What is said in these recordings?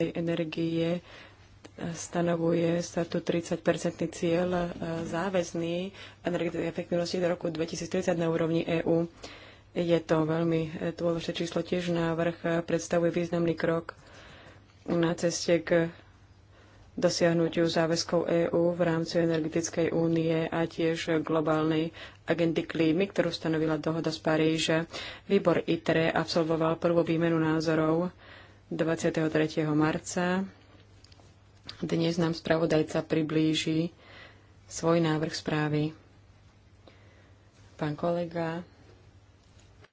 tej energie. E, stanovuje sa tu 30-percentný cieľ e, záväzný energetickej efektivnosti do roku 2030 na úrovni EÚ. Je to veľmi e, dôležité číslo, tiež návrh predstavuje významný krok na ceste k dosiahnutiu záväzkov EÚ v rámci energetickej únie a tiež globálnej agendy klímy, ktorú stanovila dohoda z Paríža. Výbor ITRE absolvoval prvú výmenu názorov 23. marca. Dnes nám spravodajca priblíži svoj návrh správy. Pán kolega.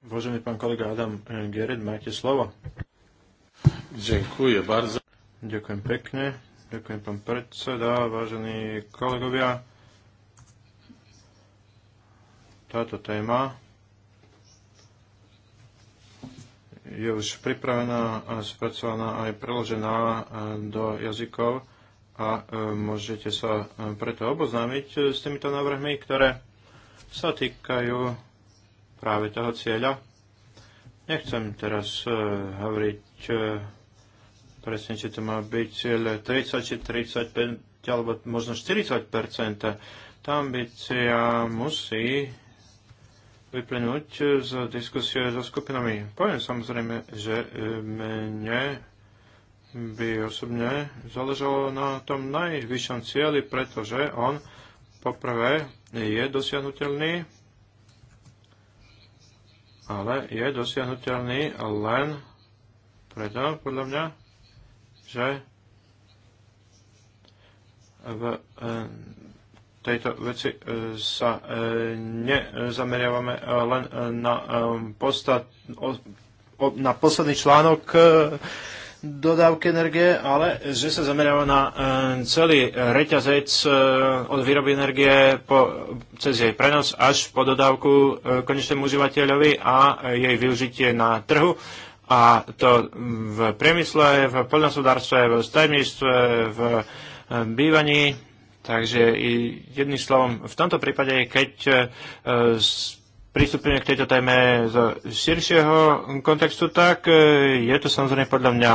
Vážený pán kolega Adam eh, Gered, máte slovo. Ďakujem bardzo. Ďakujem pekne. Ďakujem pán predseda, vážení kolegovia. Táto téma je už pripravená, spracovaná aj preložená e, do jazykov a e, môžete sa e, preto oboznámiť s týmito návrhmi, ktoré sa týkajú práve toho cieľa. Nechcem teraz hovoriť presne, či to má byť cieľ 30 či 35 alebo možno 40 Tam ambícia musí vyplynúť z diskusie so skupinami. Poviem samozrejme, že e, mne by osobne záležalo na tom najvyššom cieli, pretože on poprvé je dosiahnutelný, ale je dosiahnutelný len preto, podľa mňa, že v e, tejto veci e, sa e, nezameriavame e, len na, postat, na posledný článok dodávky energie, ale že sa zameriava na celý reťazec od výroby energie po, cez jej prenos až po dodávku konečnému užívateľovi a jej využitie na trhu. A to v priemysle, v poľnohospodárstve, v stajemníctve, v bývaní Takže jedným slovom, v tomto prípade, keď e, pristúpime k tejto téme z širšieho kontextu, tak e, je to samozrejme podľa mňa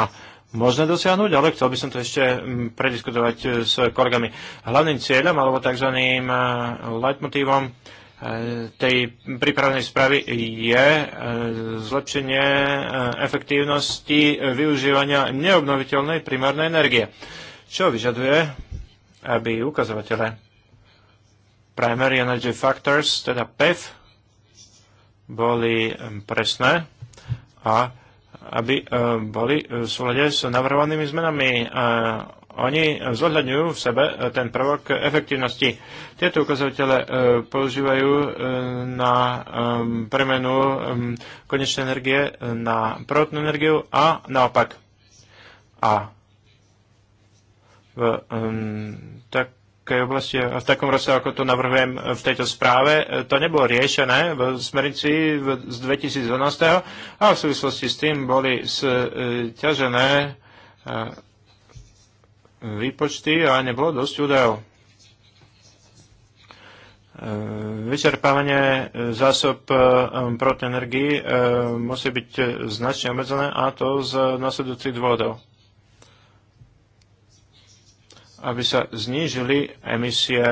možné dosiahnuť, ale chcel by som to ešte prediskutovať e, s kolegami. Hlavným cieľom alebo tzv. leitmotívom tej prípravnej správy je zlepšenie efektívnosti využívania neobnoviteľnej primárnej energie, čo vyžaduje aby ukazovatele Primary Energy Factors, teda PEF, boli presné a aby boli v súhľade s navrhovanými zmenami. E, oni zohľadňujú v sebe e, ten prvok efektívnosti. Tieto ukazovatele e, používajú na premenu konečnej energie na prvotnú energiu a naopak. A v um, ehm, takej oblasti a v takom roce, ako to navrhujem v tejto správe. E, to nebolo riešené v smernici z 2012. a v súvislosti s tým boli sťažené e, e, výpočty a nebolo dosť údajov vyčerpávanie zásob proteenergii musí byť značne obmedzené a to z nasledujúcich dôvodov aby sa znížili emisie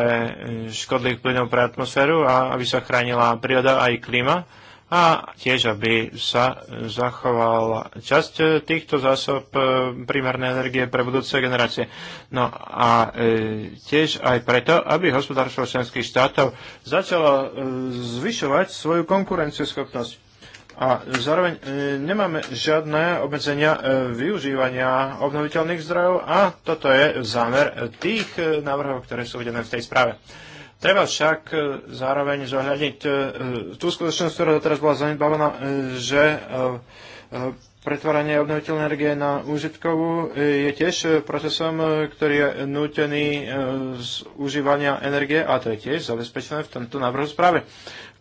škodlých plynov pre atmosféru a aby sa chránila príroda aj klíma a tiež, aby sa zachovala časť týchto zásob e, primárnej energie pre budúce generácie. No a e, tiež aj preto, aby hospodárstvo členských štátov začalo e, zvyšovať svoju konkurencieschopnosť a zároveň e, nemáme žiadne obmedzenia e, využívania obnoviteľných zdrojov a toto je zámer e, tých návrhov, ktoré sú uvedené v tej správe. Treba však zároveň zohľadniť tú skutočnosť, ktorá doteraz bola zanedbávaná, že pretváranie obnoviteľnej energie na úžitkovú je tiež procesom, ktorý je nútený z užívania energie a to je tiež zabezpečené v tomto návrhu správe.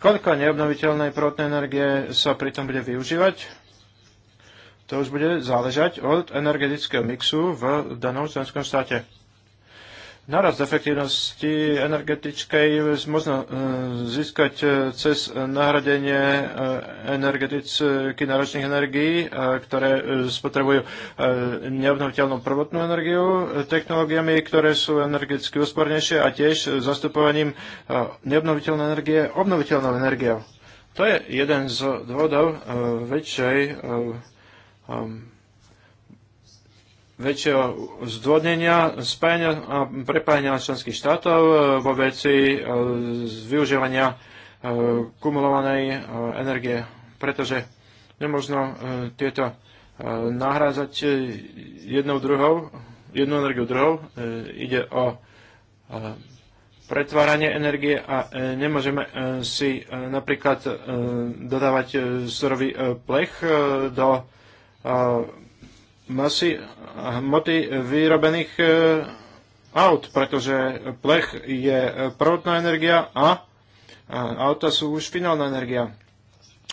Koľko neobnoviteľnej prvotnej energie sa pritom bude využívať? To už bude záležať od energetického mixu v danom členskom štáte. Naraz efektívnosti energetickej možno e, získať e, cez nahradenie e, energetických náročných energií, ktoré spotrebujú neobnoviteľnú prvotnú energiu, technológiami, ktoré sú energeticky úspornejšie a tiež zastupovaním neobnoviteľnej energie obnoviteľnou energiou. To je jeden z dôvodov väčšej väčšieho zdvodnenia, spájania a prepájania členských štátov e, vo veci e, využívania e, kumulovanej energie, pretože nemožno tieto nahrázať jednou druhou, jednu energiu druhou. Ide o pretváranie energie a nemôžeme si napríklad dodávať surový plech do masy hmoty vyrobených e, aut, pretože plech je prvotná energia a auta sú už finálna energia.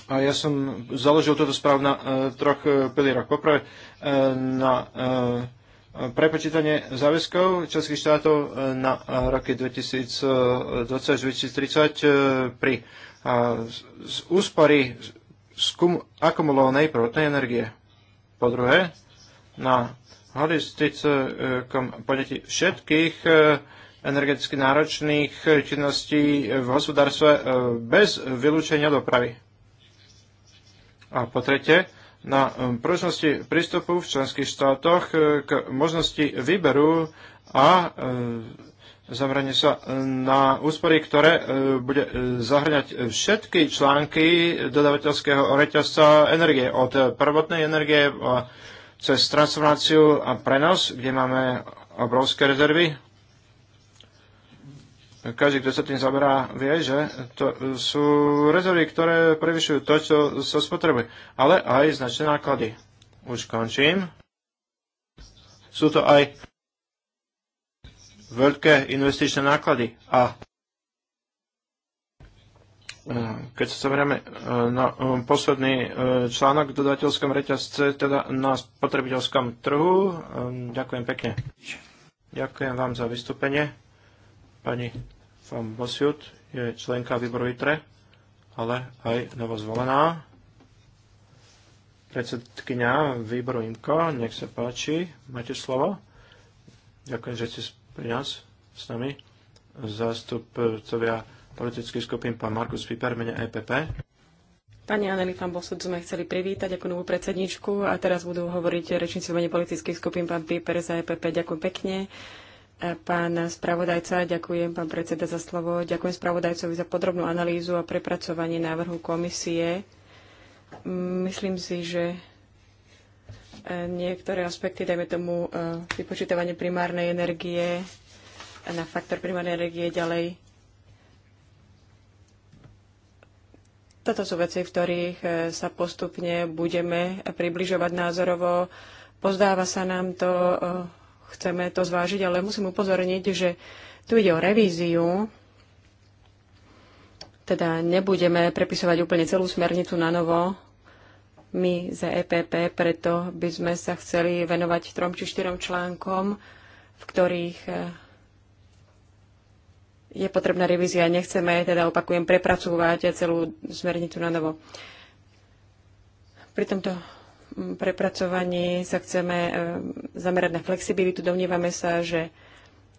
A ja som založil túto správu na e, troch e, pilieroch. Poprvé na prepočítanie záväzkov českých štátov na roky 2020-2030 pri úspory akumulovanej prvotnej energie. Po druhé, na holistickom eh, poňatí všetkých eh, energeticky náročných eh, činností v hospodárstve bez vylúčenia dopravy. A po tretie, na pružnosti prístupu v členských štátoch k možnosti výberu a zameranie sa na úspory, ktoré bude zahrňať všetky články dodavateľského reťazca energie, od prvotnej energie a cez transformáciu a prenos, kde máme obrovské rezervy. Každý, kto sa tým zaberá, vie, že to sú rezervy, ktoré prevyšujú to, čo sa spotrebuje, ale aj značné náklady. Už končím. Sú to aj veľké investičné náklady a Mm. Keď sa zoberieme e, na e, posledný e, článok v dodateľskom reťazce, teda na spotrebiteľskom trhu, ďakujem pekne. Ďakujem vám za vystúpenie. Pani Fan Bosiut je členka výboru ITRE, ale aj novozvolená predsedkynia výboru IMKO. Nech sa páči, máte slovo. Ďakujem, že ste pri nás s nami. Zástupcovia politických skupín, pán Markus Piper, mene EPP. Pani Aneli pán Bosud sme chceli privítať ako novú predsedničku a teraz budú hovoriť rečníci v mene politických skupín pán Piper za EPP. Ďakujem pekne. Pán spravodajca, ďakujem pán predseda za slovo. Ďakujem spravodajcovi za podrobnú analýzu a prepracovanie návrhu komisie. Myslím si, že e, niektoré aspekty, dajme tomu e, vypočítavanie primárnej energie na faktor primárnej energie ďalej Toto sú veci, v ktorých e, sa postupne budeme približovať názorovo. Pozdáva sa nám to, e, chceme to zvážiť, ale musím upozorniť, že tu ide o revíziu, teda nebudeme prepisovať úplne celú smernicu na novo. My Z EPP, preto by sme sa chceli venovať trom či štyrom článkom, v ktorých e, je potrebná revízia. Nechceme, teda opakujem, prepracovať celú smernicu na novo. Pri tomto mm, prepracovaní sa chceme e, zamerať na flexibilitu. domnívame sa, že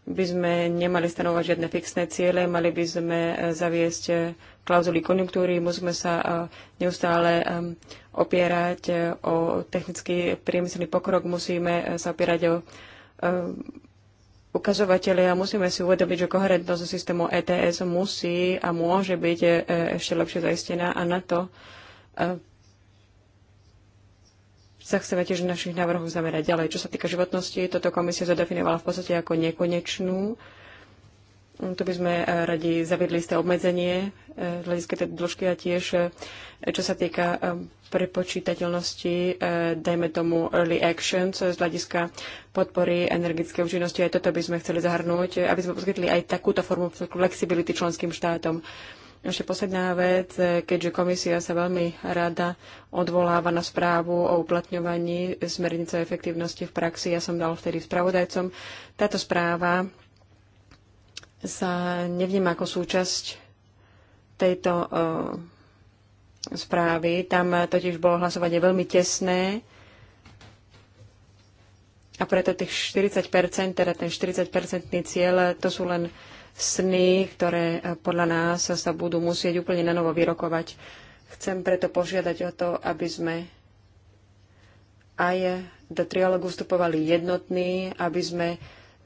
by sme nemali stanovať žiadne fixné ciele, mali by sme e, zaviesť e, klauzuly konjunktúry, musíme sa neustále opierať o technický priemyselný pokrok, musíme sa opierať o ukazovateľe a musíme si uvedomiť, že koherentnosť systému ETS musí a môže byť e, ešte lepšie zaistená a na to e, sa chceme tiež v našich návrhoch zamerať ďalej. Čo sa týka životnosti, toto komisia zadefinovala v podstate ako nekonečnú. Tu by sme e, radi zaviedli isté obmedzenie z hľadiska tej dĺžky a tiež, čo sa týka prepočítateľnosti, e, dajme tomu early action e, z hľadiska podpory energetickej účinnosti. Aj toto by sme chceli zahrnúť, e, aby sme poskytli aj takúto formu flexibility členským štátom. Ešte posledná vec, keďže komisia sa veľmi rada odvoláva na správu o uplatňovaní smernice o efektívnosti v praxi, ja som dal vtedy spravodajcom, táto správa sa nevníma ako súčasť tejto uh, správy. Tam totiž bolo hlasovanie veľmi tesné a preto tých 40%, teda ten 40-percentný cieľ, to sú len sny, ktoré eh, podľa nás sa budú musieť úplne na novo vyrokovať. Chcem preto požiadať o to, aby sme aj do trialogu vstupovali jednotní, aby sme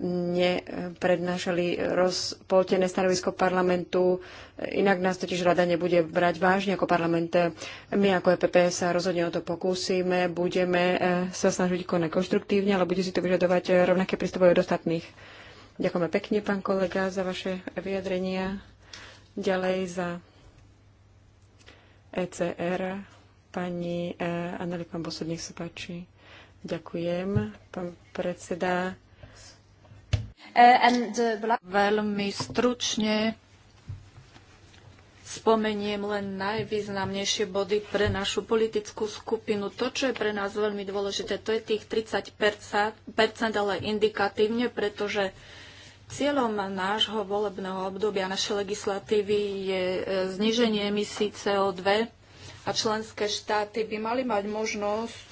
neprednášali rozpoltené stanovisko parlamentu. Inak nás totiž rada nebude brať vážne ako parlament. My ako EPP sa rozhodne o to pokúsime, budeme eh, sa snažiť konať konštruktívne, ale bude si to vyžadovať eh, rovnaké prístupy od ostatných. Ďakujeme pekne, pán kolega, za vaše vyjadrenia. Ďalej za ECR pani eh, pán Bosod, nech sa páči. Ďakujem, pán predseda. Eh, eh, veľmi stručne spomeniem len najvýznamnejšie body pre našu politickú skupinu. To, čo je pre nás veľmi dôležité, to je tých 30 ale indikatívne, pretože cieľom nášho volebného obdobia, našej legislatívy je eh, zniženie emisí CO2 a členské štáty by mali mať možnosť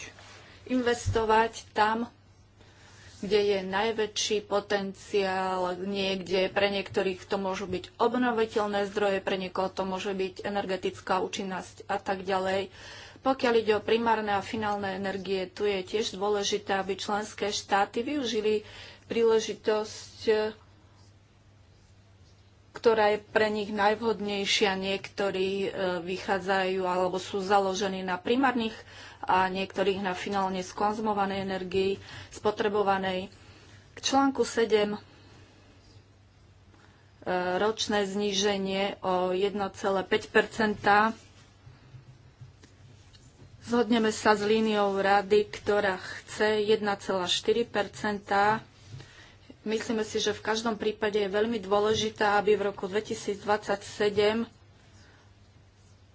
investovať tam, kde je najväčší potenciál, niekde pre niektorých to môžu byť obnoviteľné zdroje, pre niekoho to môže byť energetická účinnosť a tak ďalej. Pokiaľ ide o primárne a finálne energie, tu je tiež dôležité, aby členské štáty využili príležitosť, ktorá je pre nich najvhodnejšia. Niektorí e, vychádzajú alebo sú založení na primárnych a niektorých na finálne skonzumovanej energii, spotrebovanej. K článku 7 e, ročné zníženie o 1,5 Zhodneme sa s líniou rady, ktorá chce 1,4 Myslíme si, že v každom prípade je veľmi dôležité, aby v roku 2027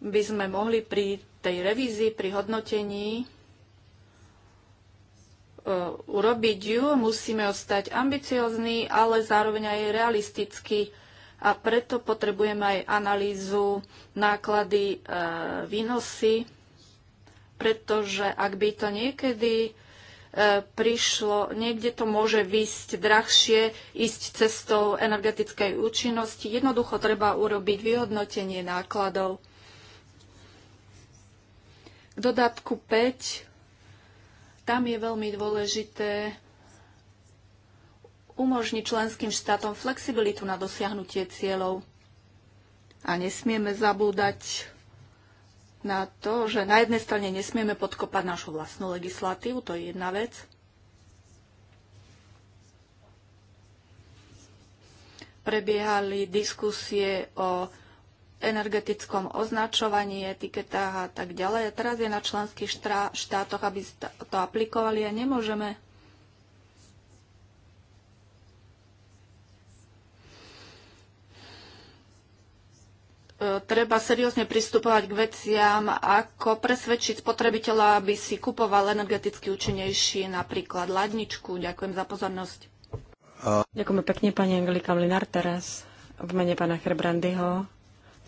by sme mohli pri tej revízii, pri hodnotení e, urobiť ju, musíme ostať ambiciozní, ale zároveň aj realisticky a preto potrebujeme aj analýzu náklady, e, výnosy, pretože ak by to niekedy e, prišlo, niekde to môže výsť drahšie, ísť cestou energetickej účinnosti. Jednoducho treba urobiť vyhodnotenie nákladov dodatku 5 tam je veľmi dôležité umožniť členským štátom flexibilitu na dosiahnutie cieľov. A nesmieme zabúdať na to, že na jednej strane nesmieme podkopať našu vlastnú legislatívu, to je jedna vec. Prebiehali diskusie o energetickom označovaní, etiketách a tak ďalej. A teraz je na členských štátoch, aby to aplikovali a nemôžeme e, treba seriózne pristupovať k veciam, ako presvedčiť spotrebiteľa, aby si kupoval energeticky účinnejší napríklad ladničku. Ďakujem za pozornosť. Ďakujeme pekne, pani Angelika Mlinár, teraz v mene pána Herbrandyho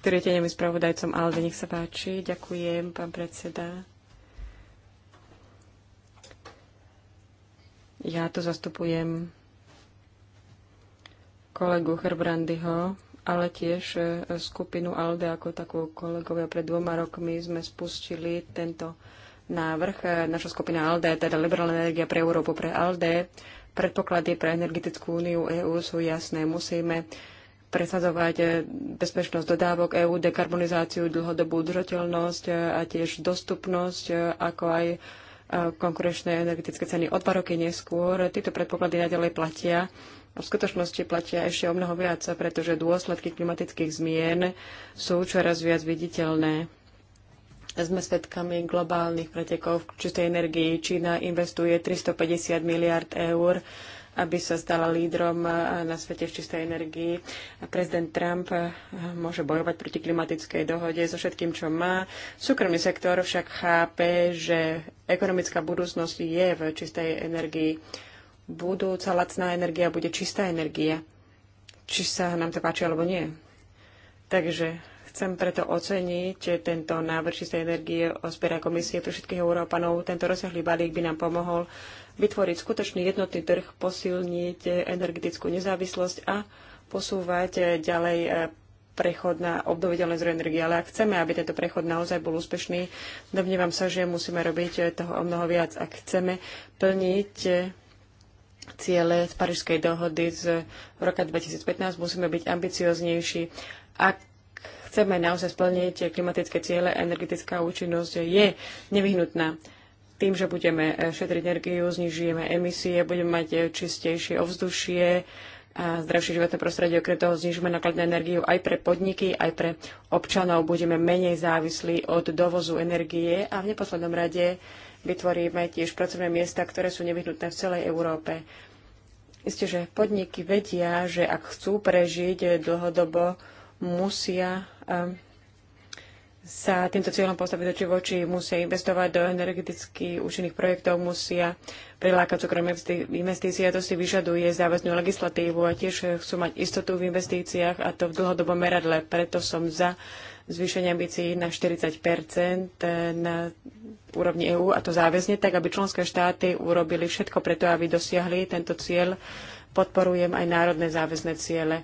ktorý je spravodajcom Alde. Nech sa páči. Ďakujem, pán predseda. Ja tu zastupujem kolegu Herbrandyho, ale tiež e, skupinu ALDE ako takú kolegovia. Pred dvoma rokmi sme spustili tento návrh. E, naša skupina ALDE, teda Liberálna energia pre Európu pre ALDE, predpoklady pre energetickú úniu EÚ sú jasné. Musíme presadzovať eh, bezpečnosť dodávok EÚ, dekarbonizáciu, dlhodobú udržateľnosť eh, a tiež dostupnosť, eh, ako aj konkurenčné energetické ceny o dva roky neskôr. Tieto predpoklady naďalej platia. V skutočnosti platia ešte o mnoho viac, pretože dôsledky klimatických zmien sú čoraz viac viditeľné. Sme svedkami globálnych pretekov v čistej energii. Čína investuje 350 miliard eur aby sa stala lídrom na svete v čistej energii. Prezident Trump môže bojovať proti klimatickej dohode so všetkým, čo má. Súkromný sektor však chápe, že ekonomická budúcnosť je v čistej energii. Budúca lacná energia bude čistá energia. Či sa nám to páči alebo nie. Takže Chcem preto oceniť tento návrh čistej energie od komisie pre všetkých Európanov. Tento rozsiahlý balík by nám pomohol vytvoriť skutočný jednotný trh, posilniť energetickú nezávislosť a posúvať eh, ďalej eh, prechod na obnoviteľné zdroje energie. Ale ak chceme, aby tento prechod naozaj bol úspešný, domnievam sa, že musíme robiť eh, toho o mnoho viac. Ak chceme plniť ciele z Parížskej dohody z roka 2015, musíme byť ambicioznejší. Ak chceme naozaj splniť klimatické ciele, energetická účinnosť je nevyhnutná. Tým, že budeme e, šetriť energiu, znižujeme emisie, budeme mať e, čistejšie ovzdušie a zdravšie životné prostredie. Okrem toho znižíme náklad na energiu aj pre podniky, aj pre občanov. Budeme menej závislí od dovozu energie a v neposlednom rade vytvoríme tiež pracovné miesta, ktoré sú nevyhnutné v celej Európe. Isté, že podniky vedia, že ak chcú prežiť dlhodobo, musia um, sa týmto cieľom postaviť oči v oči, musia investovať do energeticky účinných projektov, musia prilákať súkromné investície a to si vyžaduje záväznú legislatívu a tiež chcú mať istotu v investíciách a to v dlhodobom meradle. Preto som za zvýšenie ambícií na 40 na úrovni EÚ a to záväzne, tak aby členské štáty urobili všetko preto, aby dosiahli tento cieľ. Podporujem aj národné záväzné ciele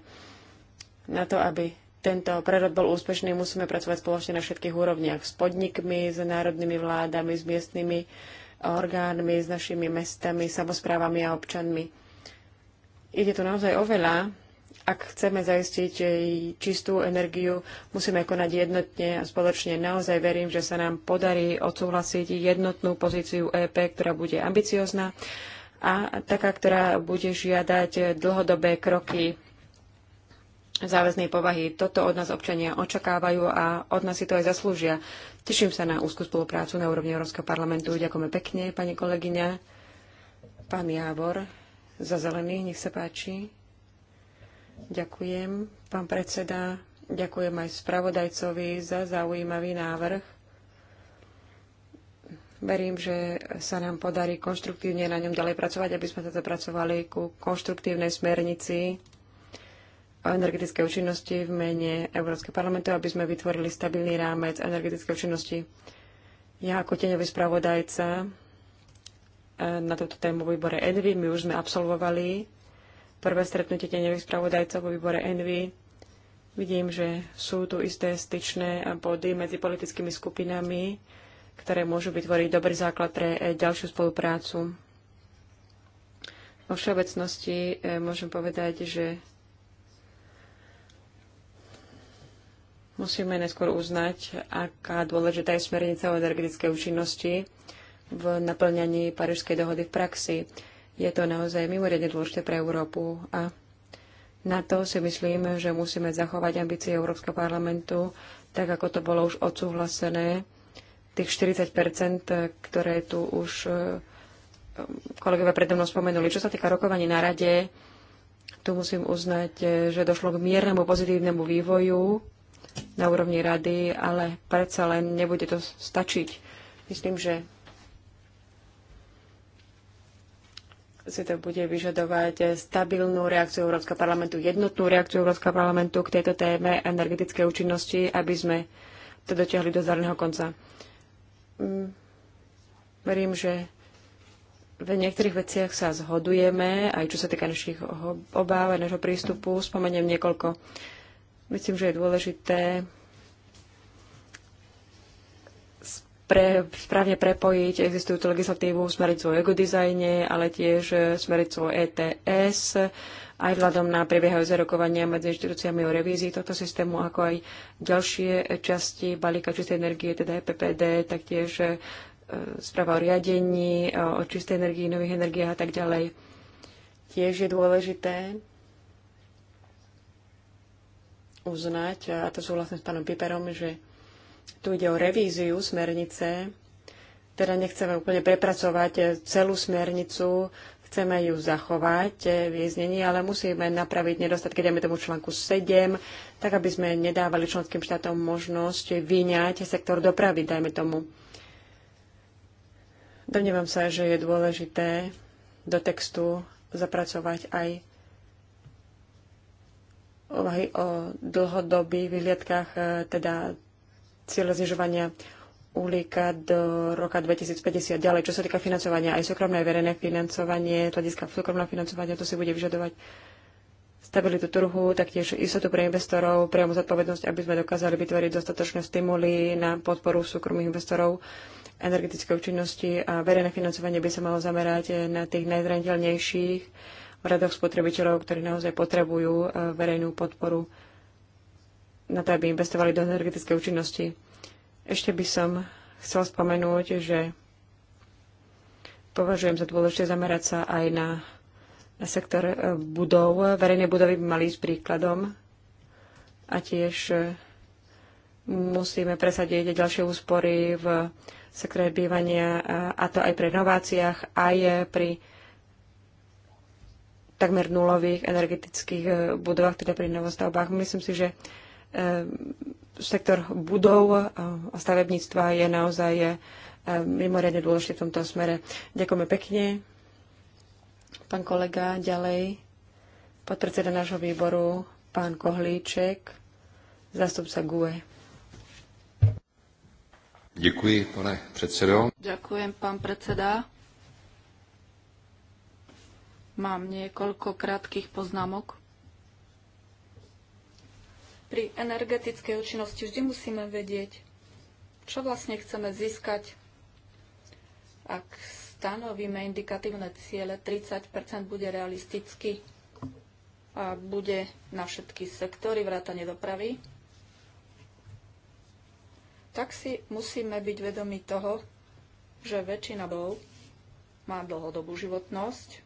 na to, aby tento prerod bol úspešný, musíme pracovať spoločne na všetkých úrovniach. S podnikmi, s národnými vládami, s miestnymi orgánmi, s našimi mestami, samozprávami a občanmi. Ide tu naozaj oveľa, Ak chceme zaistiť čistú energiu, musíme konať jednotne a spoločne. Naozaj verím, že sa nám podarí odsúhlasiť jednotnú pozíciu EP, ktorá bude ambiciozná a taká, ktorá bude žiadať dlhodobé kroky záväznej povahy. Toto od nás občania očakávajú a od nás si to aj zaslúžia. Teším sa na úzkú spoluprácu na úrovni Európskeho parlamentu. Ďakujeme pekne, pani kolegyňa. Pán Jávor za zelený nech sa páči. Ďakujem, pán predseda. Ďakujem aj spravodajcovi za zaujímavý návrh. Verím, že sa nám podarí konštruktívne na ňom ďalej pracovať, aby sme sa zapracovali ku konštruktívnej smernici o energetické účinnosti v mene Európskeho parlamentu, aby sme vytvorili stabilný rámec energetické účinnosti. Ja ako teňový spravodajca eh, na túto tému vo výbore Envy, my už sme absolvovali prvé stretnutie teňových spravodajcov vo výbore Envy. Vidím, že sú tu isté styčné body medzi politickými skupinami, ktoré môžu vytvoriť dobrý základ pre eh, ďalšiu spoluprácu. Vo všeobecnosti eh, môžem povedať, že Musíme neskôr uznať, aká dôležitá je smernica o energetickej účinnosti v naplňaní Parížskej dohody v praxi. Je to naozaj mimoriadne dôležité pre Európu a na to si myslím, že musíme zachovať ambície Európskeho parlamentu, tak ako to bolo už odsúhlasené, tých 40 ktoré tu už eh, kolegovia predo mnou spomenuli. Čo sa týka rokovaní na rade, tu musím uznať, eh, že došlo k miernemu pozitívnemu vývoju na úrovni rady, ale predsa len nebude to stačiť. Myslím, že si to bude vyžadovať stabilnú reakciu Európskeho parlamentu, jednotnú reakciu Európskeho parlamentu k tejto téme energetickej účinnosti, aby sme to dotiahli do zárneho konca. Mm, verím, že v niektorých veciach sa zhodujeme, aj čo sa týka našich obáv a nášho prístupu. Spomeniem niekoľko Myslím, že je dôležité pre, správne prepojiť existujúcu legislatívu, smericu o ekodizajne, ale tiež smericu ETS, aj vzhľadom na prebiehajúce rokovania medzi inštitúciami o revízii tohto systému, ako aj ďalšie časti balíka čistej energie, teda EPPD, taktiež e, správa o riadení, o čistej energii, nových energiách a tak ďalej. Tiež je dôležité uznať, a to súhlasím s pánom Piperom, že tu ide o revíziu smernice, teda nechceme úplne prepracovať celú smernicu, chceme ju zachovať eh, v jeznení, ale musíme napraviť nedostatky, dajme tomu článku 7, tak aby sme nedávali členským štátom možnosť vyňať sektor dopravy, dajme tomu. Domnievam sa, že je dôležité do textu zapracovať aj úvahy o dlhodobých vyhliadkách, e, teda cieľe znižovania uhlíka do roka 2050. Ďalej, čo sa týka financovania, aj súkromné aj verejné financovanie, hľadiska súkromného financovania, to si bude vyžadovať stabilitu trhu, taktiež istotu pre investorov, priamu zodpovednosť, aby sme dokázali vytvoriť dostatočné stimuly na podporu súkromných investorov energetickej účinnosti a verejné financovanie by sa malo zamerať na tých najzraniteľnejších v radoch spotrebiteľov, ktorí naozaj potrebujú e, verejnú podporu na to, aby investovali do energetické účinnosti. Ešte by som chcel spomenúť, že považujem za dôležité zamerať sa aj na, na sektor e, budov. Verejné budovy by mali ísť príkladom a tiež e, musíme presadiť ďalšie úspory v sektore bývania, a to aj pri renováciách, aj pri takmer nulových energetických eh, budovách, teda pri novostavbách. Myslím si, že eh, sektor budov eh, a stavebníctva je naozaj mimoriadne dôležitý v tomto smere. Ďakujeme pekne. Pán kolega, ďalej. Podpredseda nášho výboru, pán Kohlíček, zastupca GUE. Ďakujem, pane predsedo. Ďakujem, pán predseda. Mám niekoľko krátkých poznámok. Pri energetickej účinnosti vždy musíme vedieť, čo vlastne chceme získať. Ak stanovíme indikatívne ciele, 30 bude realisticky a bude na všetky sektory vrátane dopravy, tak si musíme byť vedomi toho, že väčšina bol má dlhodobú životnosť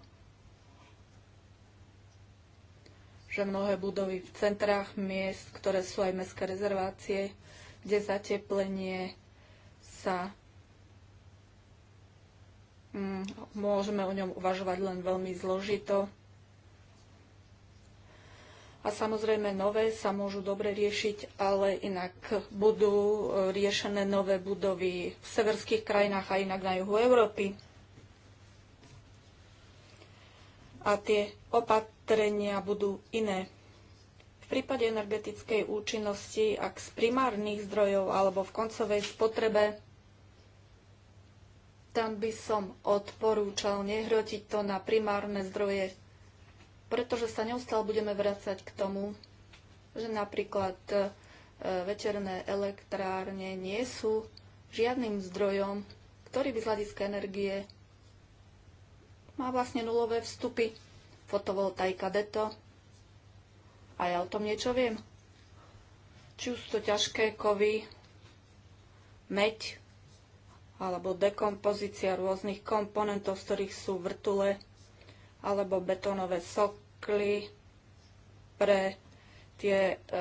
že mnohé budovy v centrách miest, ktoré sú aj mestské rezervácie, kde zateplenie sa mm, môžeme o ňom uvažovať len veľmi zložito. A samozrejme nové sa môžu dobre riešiť, ale inak budú e, riešené nové budovy v severských krajinách a inak na juhu Európy. a tie opatrenia budú iné. V prípade energetickej účinnosti, ak z primárnych zdrojov alebo v koncovej spotrebe, tam by som odporúčal nehrotiť to na primárne zdroje, pretože sa neustále budeme vracať k tomu, že napríklad e, večerné elektrárne nie sú žiadnym zdrojom, ktorý by z hľadiska energie má vlastne nulové vstupy. Fotovoltaika deto. A ja o tom niečo viem. Či už sú to ťažké kovy, meď, alebo dekompozícia rôznych komponentov, z ktorých sú vrtule, alebo betónové sokly pre tie e, e,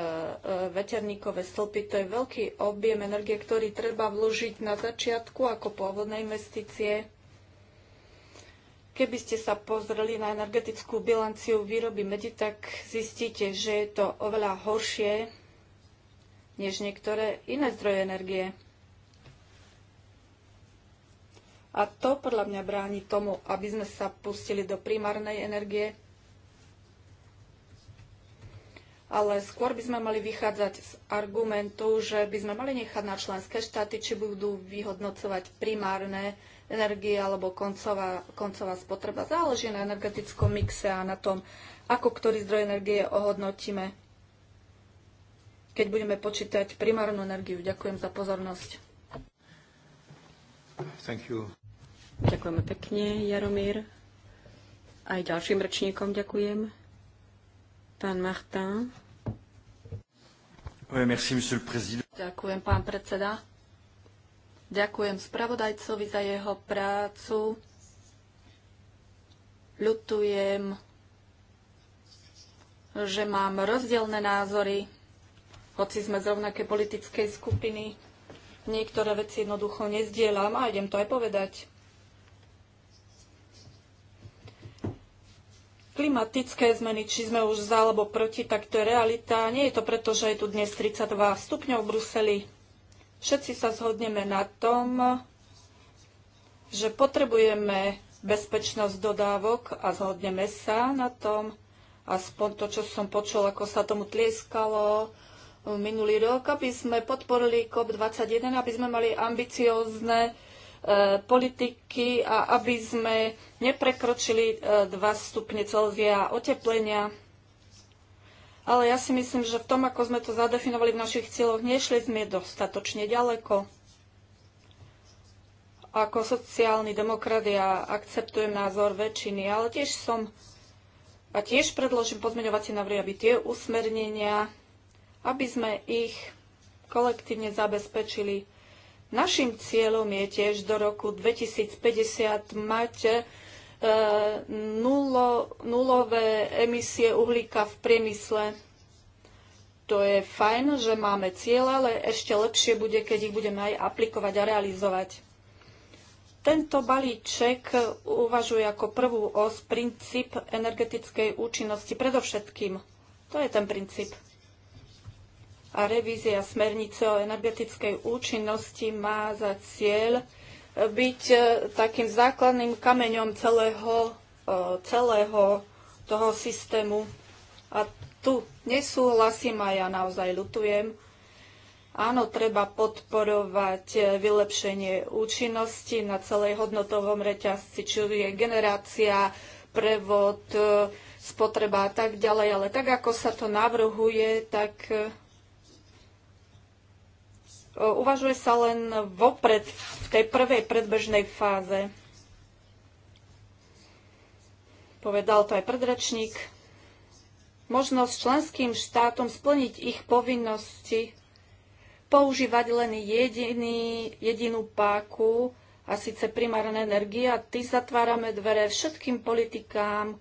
veterníkové stĺpy. To je veľký objem energie, ktorý treba vložiť na začiatku ako pôvodné investície Keby ste sa pozreli na energetickú bilanciu výroby medi, tak zistíte, že je to oveľa horšie než niektoré iné zdroje energie. A to podľa mňa bráni tomu, aby sme sa pustili do primárnej energie. Ale skôr by sme mali vychádzať z argumentu, že by sme mali nechať na členské štáty, či budú vyhodnocovať primárne energie alebo koncová, koncová spotreba. Záleží na energetickom mixe a na tom, ako ktorý zdroj energie ohodnotíme, keď budeme počítať primárnu energiu. Ďakujem za pozornosť. Thank you. Ďakujeme pekne, Jaromír. Aj ďalším rečníkom ďakujem. Pán Martin. Oui, merci, Ďakujem, pán predseda. Ďakujem spravodajcovi za jeho prácu. Ľutujem, že mám rozdielne názory, hoci sme z rovnaké politickej skupiny. Niektoré veci jednoducho nezdielam a idem to aj povedať. klimatické zmeny, či sme už za alebo proti, tak to je realita. Nie je to preto, že je tu dnes 32 stupňov v Bruseli. Všetci sa zhodneme na tom, že potrebujeme bezpečnosť dodávok a zhodneme sa na tom, aspoň to, čo som počul, ako sa tomu tlieskalo eh, minulý rok, aby sme podporili COP21, aby sme mali ambiciózne e, eh, politiky a aby sme neprekročili 2 eh, stupne Celzia oteplenia ale ja si myslím, že v tom, ako sme to zadefinovali v našich cieľoch, nešli sme dostatočne ďaleko. Ako sociálny demokrat ja akceptujem názor väčšiny, ale tiež som a tiež predložím pozmeňovacie návrhy, aby tie usmernenia, aby sme ich kolektívne zabezpečili. Našim cieľom je tiež do roku 2050 mať E, nulo, nulové emisie uhlíka v priemysle. To je fajn, že máme cieľ, ale ešte lepšie bude, keď ich budeme aj aplikovať a realizovať. Tento balíček uvažuje ako prvú os princíp energetickej účinnosti predovšetkým. To je ten princíp. A revízia smernice o energetickej účinnosti má za cieľ byť e, takým základným kameňom celého, e, celého toho systému. A tu nesúhlasím a ja naozaj ľutujem. Áno, treba podporovať e, vylepšenie účinnosti na celej hodnotovom reťazci, či je generácia, prevod, spotreba a tak ďalej. Ale tak, ako sa to navrhuje, tak E, uvažuje sa len vopred, v tej prvej predbežnej fáze. Povedal to aj predračník. Možnosť členským štátom splniť ich povinnosti, používať len jediný, jedinú páku, a síce primárne energie a ty zatvárame dvere všetkým politikám,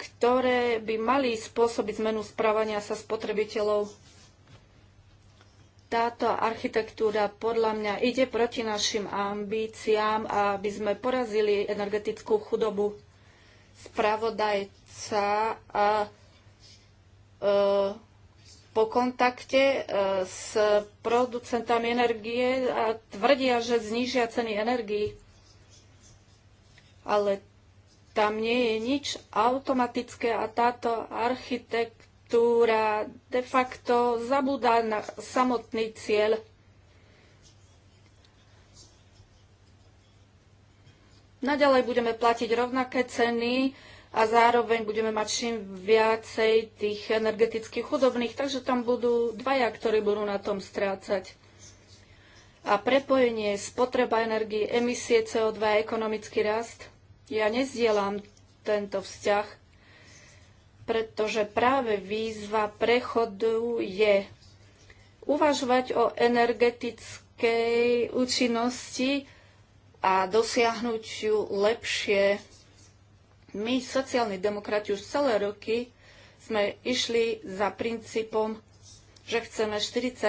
ktoré by mali spôsobiť zmenu správania sa spotrebiteľov táto architektúra podľa mňa ide proti našim ambíciám, aby sme porazili energetickú chudobu. Spravodajca a, e, po kontakte e, s producentami energie a tvrdia, že znížia ceny energii. Ale tam nie je nič automatické a táto architekt ktorá de facto zabúda na samotný cieľ. Naďalej budeme platiť rovnaké ceny a zároveň budeme mať čím viacej tých energeticky chudobných, takže tam budú dvaja, ktorí budú na tom strácať. A prepojenie spotreba energie, emisie CO2 a ekonomický rast, ja nezdielam tento vzťah pretože práve výzva prechodu je uvažovať o energetickej účinnosti a dosiahnuť ju lepšie. My, sociálni demokrati, už celé roky sme išli za princípom, že chceme 40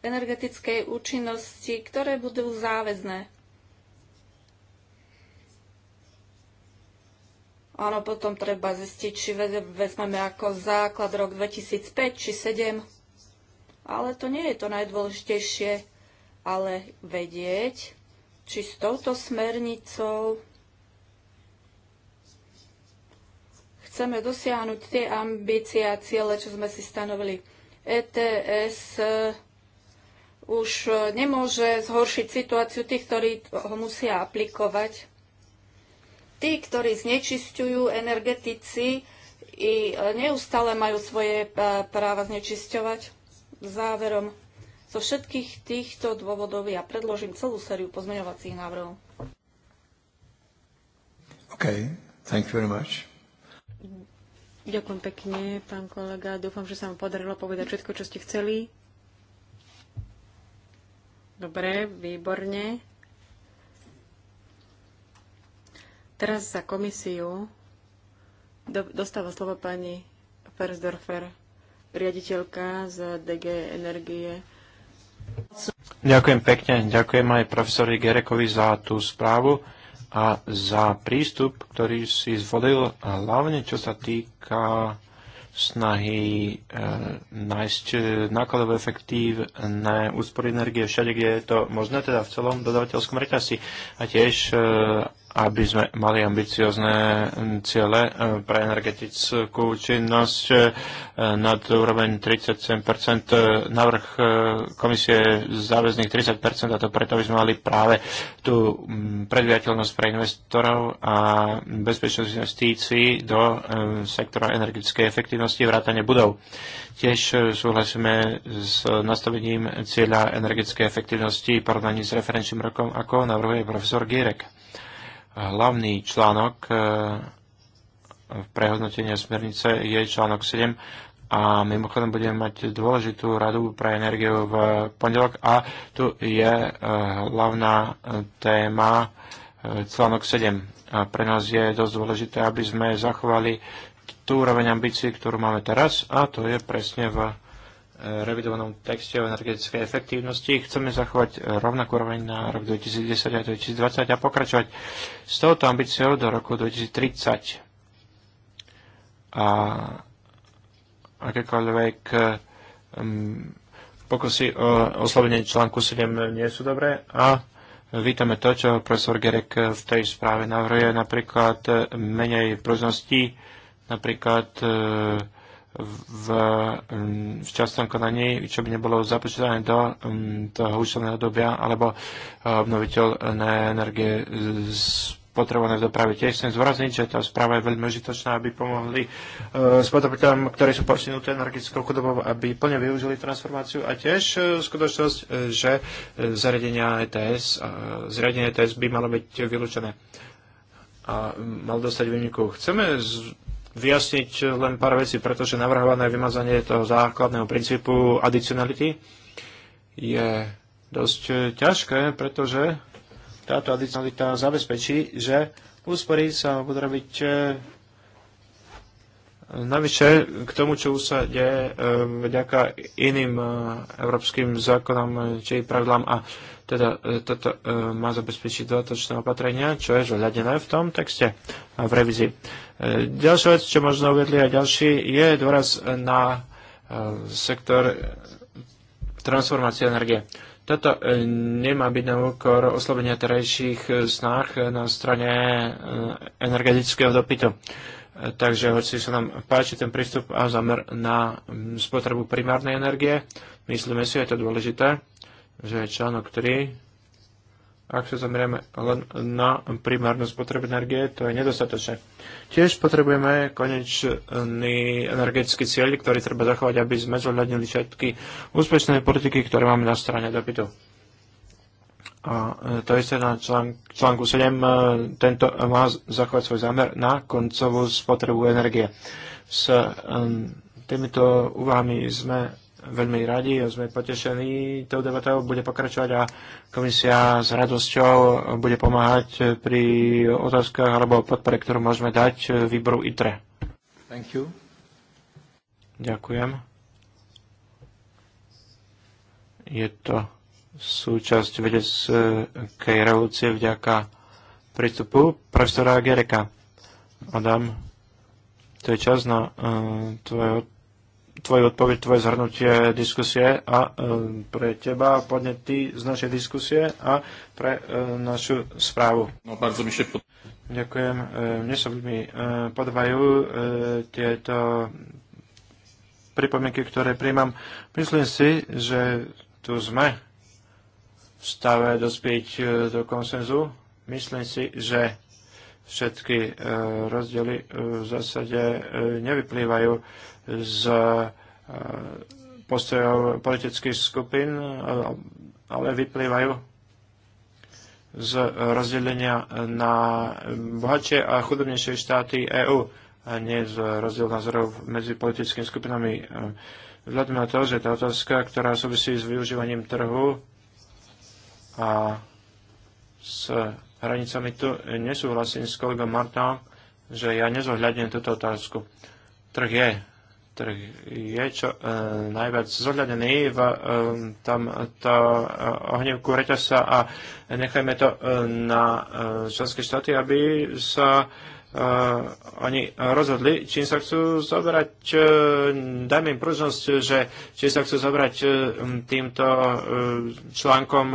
energetickej účinnosti, ktoré budú záväzné. Áno, potom treba zistiť, či vezmeme ako základ rok 2005 či 2007. Ale to nie je to najdôležitejšie, ale vedieť, či s touto smernicou chceme dosiahnuť tie ambície a ciele, čo sme si stanovili. ETS e, už e, nemôže zhoršiť situáciu tých, ktorí ho musia aplikovať tí, ktorí znečisťujú energetici, i e, neustále majú svoje e, práva znečisťovať. Záverom, zo všetkých týchto dôvodov ja predložím celú sériu pozmeňovacích návrhov. OK, thank you very much. Ďakujem pekne, pán kolega. Dúfam, že sa vám podarilo povedať všetko, čo ste chceli. Dobre, výborne. Teraz za komisiu do, dostáva slovo pani Fersdorfer, riaditeľka z DG Energie. Ďakujem pekne, ďakujem aj profesori Gerekovi za tú správu a za prístup, ktorý si zvolil, hlavne čo sa týka snahy e, nájsť e, nákladové efektívne úspory energie všade, kde je to možné, teda v celom dodavateľskom reťazci. A tiež e, aby sme mali ambiciozne ciele eh, pre energetickú činnosť eh, nad úroveň 37%. Eh, navrh komisie je záväzných 30% a to preto by sme mali práve tú mm, predviateľnosť pre investorov a bezpečnosť investícií do sektora energetickej efektivnosti vrátane budov. Tiež súhlasíme s nastavením cieľa energetickej efektivnosti porovnaní s referenčným rokom, ako navrhuje profesor Gírek hlavný článok e, v prehodnotení smernice je článok 7 a mimochodom budeme mať dôležitú radu pre energiu v pondelok a tu je e, hlavná e, téma článok 7. A pre nás je dosť dôležité, aby sme zachovali tú úroveň ambícií, ktorú máme teraz a to je presne v revidovanom texte o energetickej efektívnosti. Chceme zachovať rovnakú roveň na rok 2010 a 2020 a pokračovať s touto ambíciou do roku 2030. A akékoľvek mm, pokusy o oslovenie článku 7 nie sú dobré a vítame to, čo profesor Gerek v tej správe navrhuje, napríklad menej pružnosti, napríklad e, v, v časnom konaní, čo by nebolo započítané do um, toho účelného dobia alebo uh, obnoviteľné energie potrebované v doprave. Tiež chcem zvorazniť, že tá správa je veľmi užitočná, aby pomohli uh, spotrebiteľom, ktorí sú postihnuté energetickou chudobou, aby plne využili transformáciu a tiež uh, skutočnosť, uh, že uh, zariadenia ETS, uh, zariadenie ETS by malo byť vylúčené a mal dostať výniku. Chceme vyjasniť len pár vecí, pretože navrhované vymazanie toho základného princípu adicionality je dosť ťažké, pretože táto adicionalita zabezpečí, že úspory sa budú robiť eh, Navyše, k tomu, čo už sa deje eh, vďaka iným eh, európskym zákonom eh, či pravidlám a teda toto má zabezpečiť dodatočné opatrenia, čo je zohľadené v tom texte a v revízii. Ďalšia vec, čo možno uvedli aj ďalší, je dôraz na sektor transformácie energie. Toto nemá byť na úkor oslabenia terajších snách na strane energetického dopytu. Takže hoci sa nám páči ten prístup a zamer na spotrebu primárnej energie, myslíme si, je to dôležité, že článok 3, ak sa zamerieme len na primárnu spotrebu energie, to je nedostatočné. Tiež potrebujeme konečný energetický cieľ, ktorý treba zachovať, aby sme zohľadnili všetky úspešné politiky, ktoré máme na strane dopytu. A e, to je na člán, článku 7. E, tento má zachovať svoj zámer na koncovú spotrebu energie. S týmito úvahami sme veľmi radi a sme potešení tou debatou. Bude pokračovať a komisia s radosťou bude pomáhať pri otázkach alebo podpore, ktorú môžeme dať výboru ITRE. Thank you. Ďakujem. Je to súčasť vedeckej revolúcie vďaka prístupu profesora Gereka. Adam, to je čas na uh, tvoje, tvoju odpoveď, tvoje zhrnutie diskusie a uh, pre teba podnety z našej diskusie a pre uh, našu správu. No, bardzo mi šepo. Ďakujem. Mne sa veľmi podobajú tieto pripomienky, ktoré príjmam. Myslím si, že tu sme stave dospieť e, do konsenzu. Myslím si, že všetky e, rozdiely e, v zásade nevyplývajú z postojov politických skupín, ale vyplývajú z rozdelenia na bohatšie a chudobnejšie štáty EÚ a nie z rozdiel názorov medzi politickými skupinami. Vzhľadom na to, že tá otázka, ktorá súvisí s využívaním trhu, a s hranicami tu nesúhlasím s kolegom Martinom, že ja nezohľadňujem túto otázku. Trh je trh je čo e, najviac zohľadený v e, tam to e, ohnívku reťasa a nechajme to e, na e, členské štáty, aby sa e, Eh, oni rozhodli, čím sa chcú zobrať, eh, dajme im pružnosť, že čím sa chcú zobrať eh, týmto článkom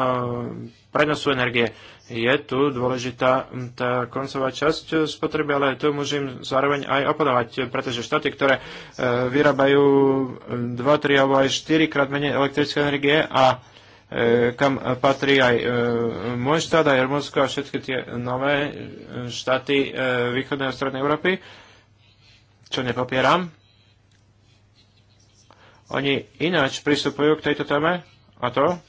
prenosu energie. Je tu dôležitá hm, tá koncová časť spotreby, ale tu môžem zároveň aj opadovať, pretože štáty, ktoré vyrábajú 2, 3 alebo aj 4 krát menej elektrické energie a E, kam patrí aj e, môj štát, aj Rumunsko a všetky tie nové e, štáty východnej a strednej Európy, čo nepopieram. Oni ináč pristupujú k tejto téme a to,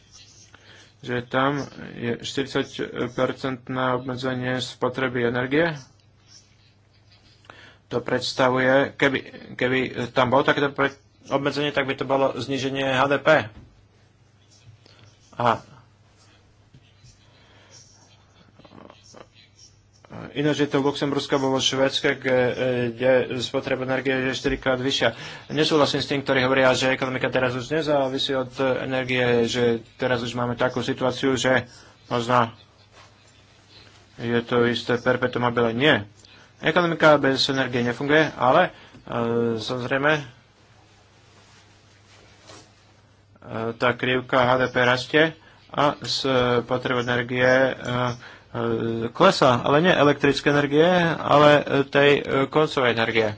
že tam je 40-percentné obmedzenie spotreby energie. To predstavuje, keby, keby tam bolo takéto obmedzenie, tak by to bolo zníženie HDP. A Ináč je to v Luxembursku alebo vo Švedsku, kde eh, spotreba energie je 4 krát vyššia. Nesúhlasím s tým, ktorí hovoria, že ekonomika teraz už nezávisí od energie, že teraz už máme takú situáciu, že možno je to isté perpetuum mobile. Nie. Ekonomika bez energie nefunguje, ale e, samozrejme tá krivka HDP rastie a z e, potreby energie e, e, klesá, ale nie elektrické energie, ale tej koncovej energie.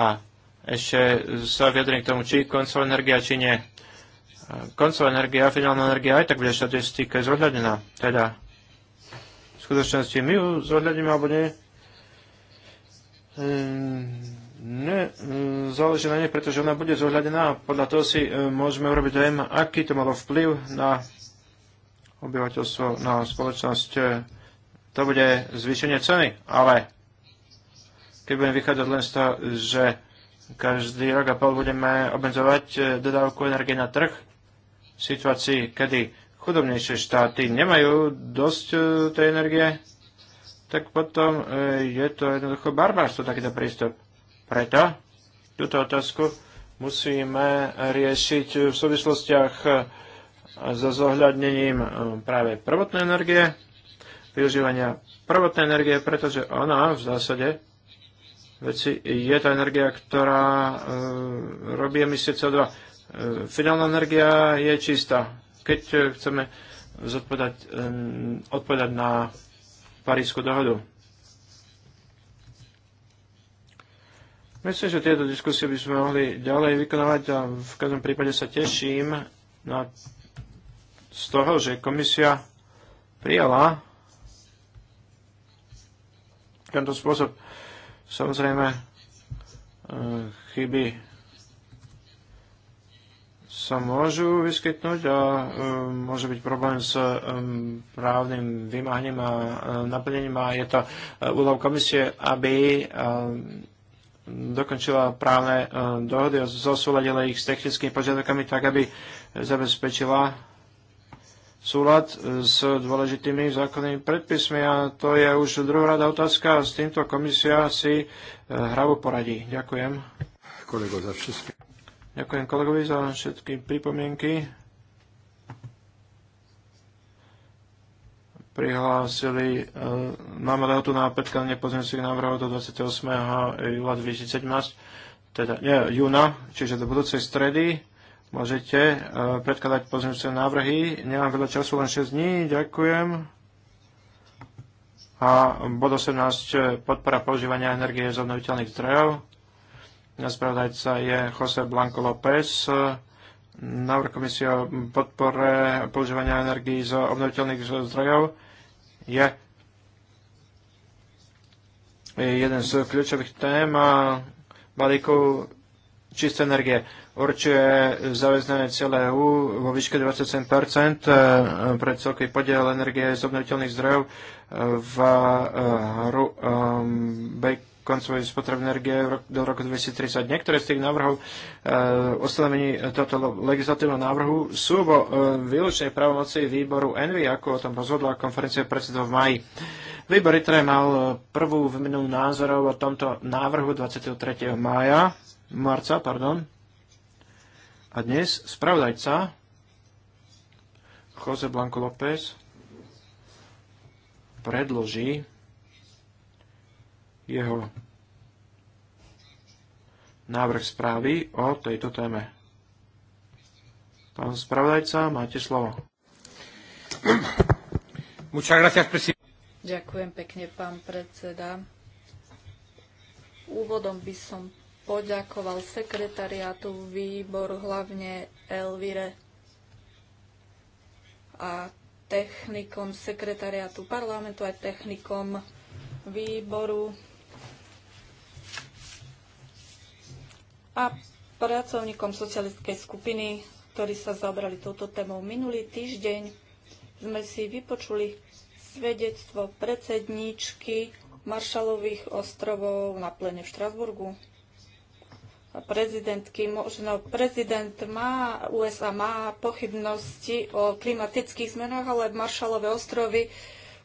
A ešte sa vyjadrím k tomu, či koncová energia, či nie. Koncová energia, finálna energia aj tak bude v štatistike zohľadená. Teda v skutočnosti my ju zohľadíme alebo nie. Hm, záleží na nej, pretože ona bude zohľadená a podľa toho si e, môžeme urobiť dojem, aký to malo vplyv na obyvateľstvo, na spoločnosť. E, to bude zvýšenie ceny, ale keď budem vychádzať len z toho, že každý rok a pol budeme obmedzovať e, dodávku energie na trh v situácii, kedy chudobnejšie štáty nemajú dosť tej energie, tak potom je to jednoducho barbárstvo takýto prístup. Preto Túto otázku musíme riešiť v súvislostiach so zohľadnením eh, práve prvotnej energie, využívania prvotnej energie, pretože ona v zásade veci je tá energia, ktorá e, robí emisie CO2. E, eh, finálna energia je čistá. Keď chceme zodpovedať, e, odpovedať na Parísku dohodu. Myslím, že tieto diskusie by sme mohli ďalej vykonávať a v každom prípade sa teším na z toho, že komisia prijala tento spôsob. Samozrejme, e, chyby sa môžu vyskytnúť a e, môže byť problém s e, právnym vymáhnem a naplnením a je to úlov komisie, aby dokončila právne e, dohody a zosúladila ich s technickými požiadavkami tak, aby zabezpečila súlad e, s dôležitými zákonnými predpismi a to je už druhá otázka a s týmto komisia si e, hravo poradí. Ďakujem. Kolego za všetky. Ďakujem kolegovi za všetky pripomienky. prihlásili. E, máme lehotu na predkladanie pozmeňujúcich návrhov do 28. júla 2017, teda nie, júna, čiže do budúcej stredy. Môžete e, predkladať pozemské návrhy. Nemám veľa času, len 6 dní. Ďakujem. A bod 18. E, podpora používania energie z obnoviteľných zdrojov. Nespravodajca je Jose Blanco López. Návrh komisie o podpore používania energii z obnoviteľných zdrojov je jeden z kľúčových tém balíku čisté energie určuje zaväznené celé EU vo výške 27 e, pre celkový podiel energie z obnoviteľných zdrojov e, v hru e, koncovej spotreby energie do roku 2030. Niektoré z tých návrhov e, tohto legislatívneho návrhu sú vo e, výlučnej pravomoci výboru ENVY, ako o tom rozhodla konferencia predsedov v maji. Výbor ITRE mal prvú výmenu názorov o tomto návrhu 23. mája, marca, pardon, a dnes spravodajca Jose Blanco López predloží jeho návrh správy o tejto téme. Pán spravodajca, máte slovo. Ďakujem pekne, pán predseda. Úvodom by som poďakoval sekretariátu výboru, hlavne Elvire a technikom sekretariátu parlamentu aj technikom výboru a pracovníkom socialistkej skupiny, ktorí sa zaobrali touto témou. Minulý týždeň sme si vypočuli svedectvo predsedníčky Maršalových ostrovov na plene v Štrasburgu prezidentky. Možno prezident má, USA má pochybnosti o klimatických zmenách, ale Maršalové ostrovy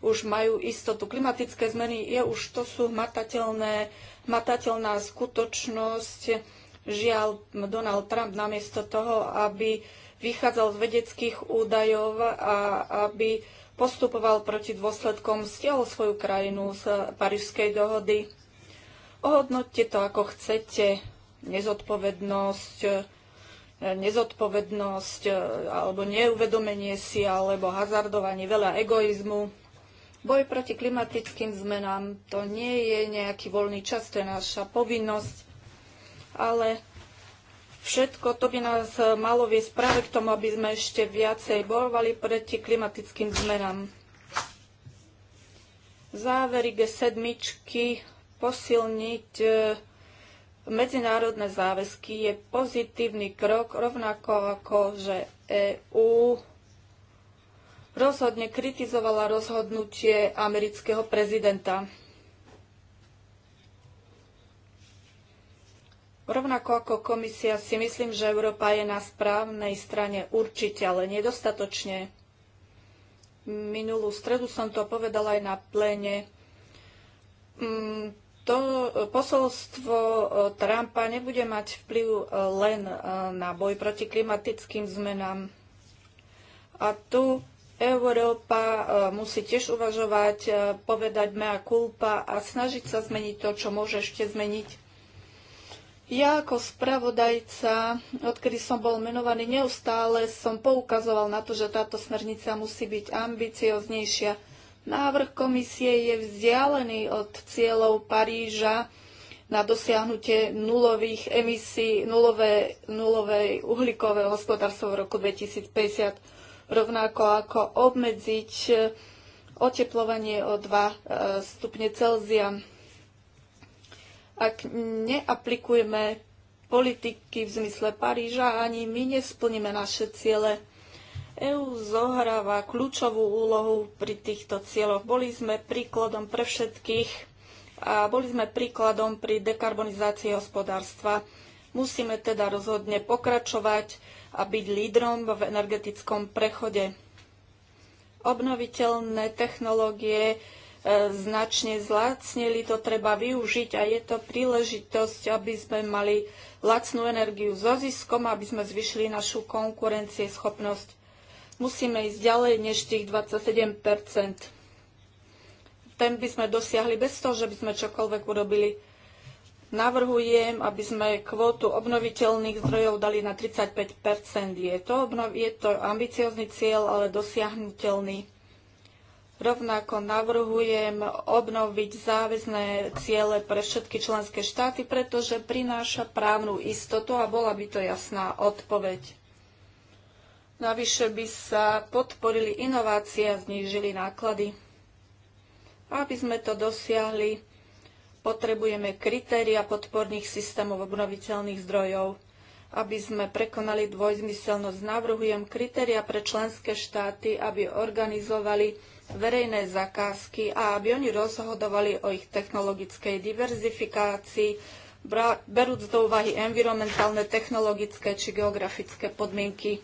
už majú istotu. Klimatické zmeny je už, to sú matateľné, matateľná skutočnosť. Žiaľ, Donald Trump namiesto toho, aby vychádzal z vedeckých údajov a aby postupoval proti dôsledkom, stiahol svoju krajinu z Parížskej dohody. Ohodnoťte to, ako chcete nezodpovednosť, nezodpovednosť eh, alebo neuvedomenie si alebo hazardovanie, veľa egoizmu. Boj proti klimatickým zmenám to nie je nejaký voľný čas, to je naša povinnosť, ale všetko to by nás eh, malo viesť práve k tomu, aby sme ešte viacej bojovali proti klimatickým zmenám. Závery G7 posilniť eh, medzinárodné záväzky je pozitívny krok, rovnako ako, že EÚ rozhodne kritizovala rozhodnutie amerického prezidenta. Rovnako ako komisia si myslím, že Európa je na správnej strane určite, ale nedostatočne. Minulú stredu som to povedala aj na pléne mm, to posolstvo e, Trumpa nebude mať vplyv e, len e, na boj proti klimatickým zmenám. A tu Európa musí tiež uvažovať, povedať mea culpa a snažiť sa zmeniť to, čo môže ešte zmeniť. Ja ako spravodajca, odkedy som bol menovaný, neustále som poukazoval na to, že táto smernica musí byť ambicioznejšia Návrh komisie je vzdialený od cieľov Paríža na dosiahnutie nulových emisí, nulové, nulovej hospodárstvo v roku 2050, rovnako ako obmedziť e, oteplovanie o 2 e, stupne Celzia. Ak neaplikujeme politiky v zmysle Paríža, ani my nesplníme naše ciele. EÚ zohráva kľúčovú úlohu pri týchto cieľoch. Boli sme príkladom pre všetkých a boli sme príkladom pri dekarbonizácii hospodárstva. Musíme teda rozhodne pokračovať a byť lídrom v energetickom prechode. Obnoviteľné technológie e, značne zlácnili, to treba využiť a je to príležitosť, aby sme mali lacnú energiu so ziskom, aby sme zvyšili našu konkurencieschopnosť musíme ísť ďalej než tých 27 Ten by sme dosiahli bez toho, že by sme čokoľvek urobili. Navrhujem, aby sme kvótu obnoviteľných zdrojov dali na 35 Je to, obnov, je to ambiciozný cieľ, ale dosiahnutelný. Rovnako navrhujem obnoviť záväzné ciele pre všetky členské štáty, pretože prináša právnu istotu a bola by to jasná odpoveď. Navyše by sa podporili inovácie a znížili náklady. Aby sme to dosiahli, potrebujeme kritéria podporných systémov obnoviteľných zdrojov. Aby sme prekonali dvojzmyselnosť, navrhujem kritéria pre členské štáty, aby organizovali verejné zakázky a aby oni rozhodovali o ich technologickej diverzifikácii, berúc do úvahy environmentálne, technologické či geografické podmienky.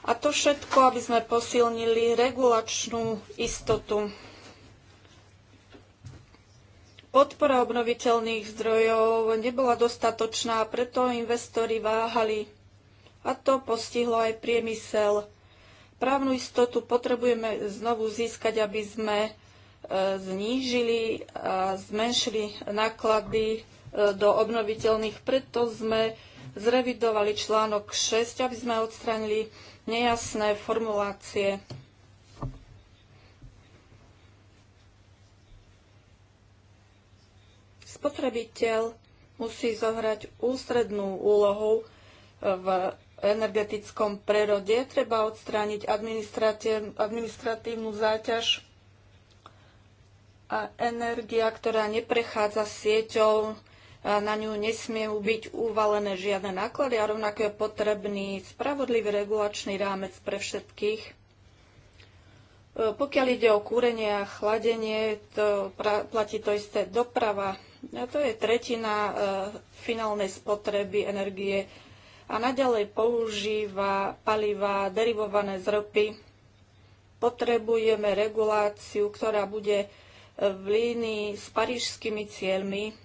A to všetko, aby sme posilnili regulačnú istotu. Podpora obnoviteľných zdrojov nebola dostatočná, preto investori váhali. A to postihlo aj priemysel. Právnu istotu potrebujeme znovu získať, aby sme e, znížili a zmenšili náklady e, do obnoviteľných. Preto sme zrevidovali článok 6, aby sme odstranili nejasné formulácie. Spotrebiteľ musí zohrať ústrednú úlohu e, v energetickom prerode. Treba odstrániť administratívnu záťaž a energia, ktorá neprechádza sieťou, na ňu nesmiejú byť uvalené žiadne náklady a rovnako je potrebný spravodlivý regulačný rámec pre všetkých. E, pokiaľ ide o kúrenie a chladenie, to platí to isté doprava. A to je tretina e, finálnej spotreby energie a naďalej používa paliva derivované z ropy. Potrebujeme reguláciu, ktorá bude v línii s parížskými cieľmi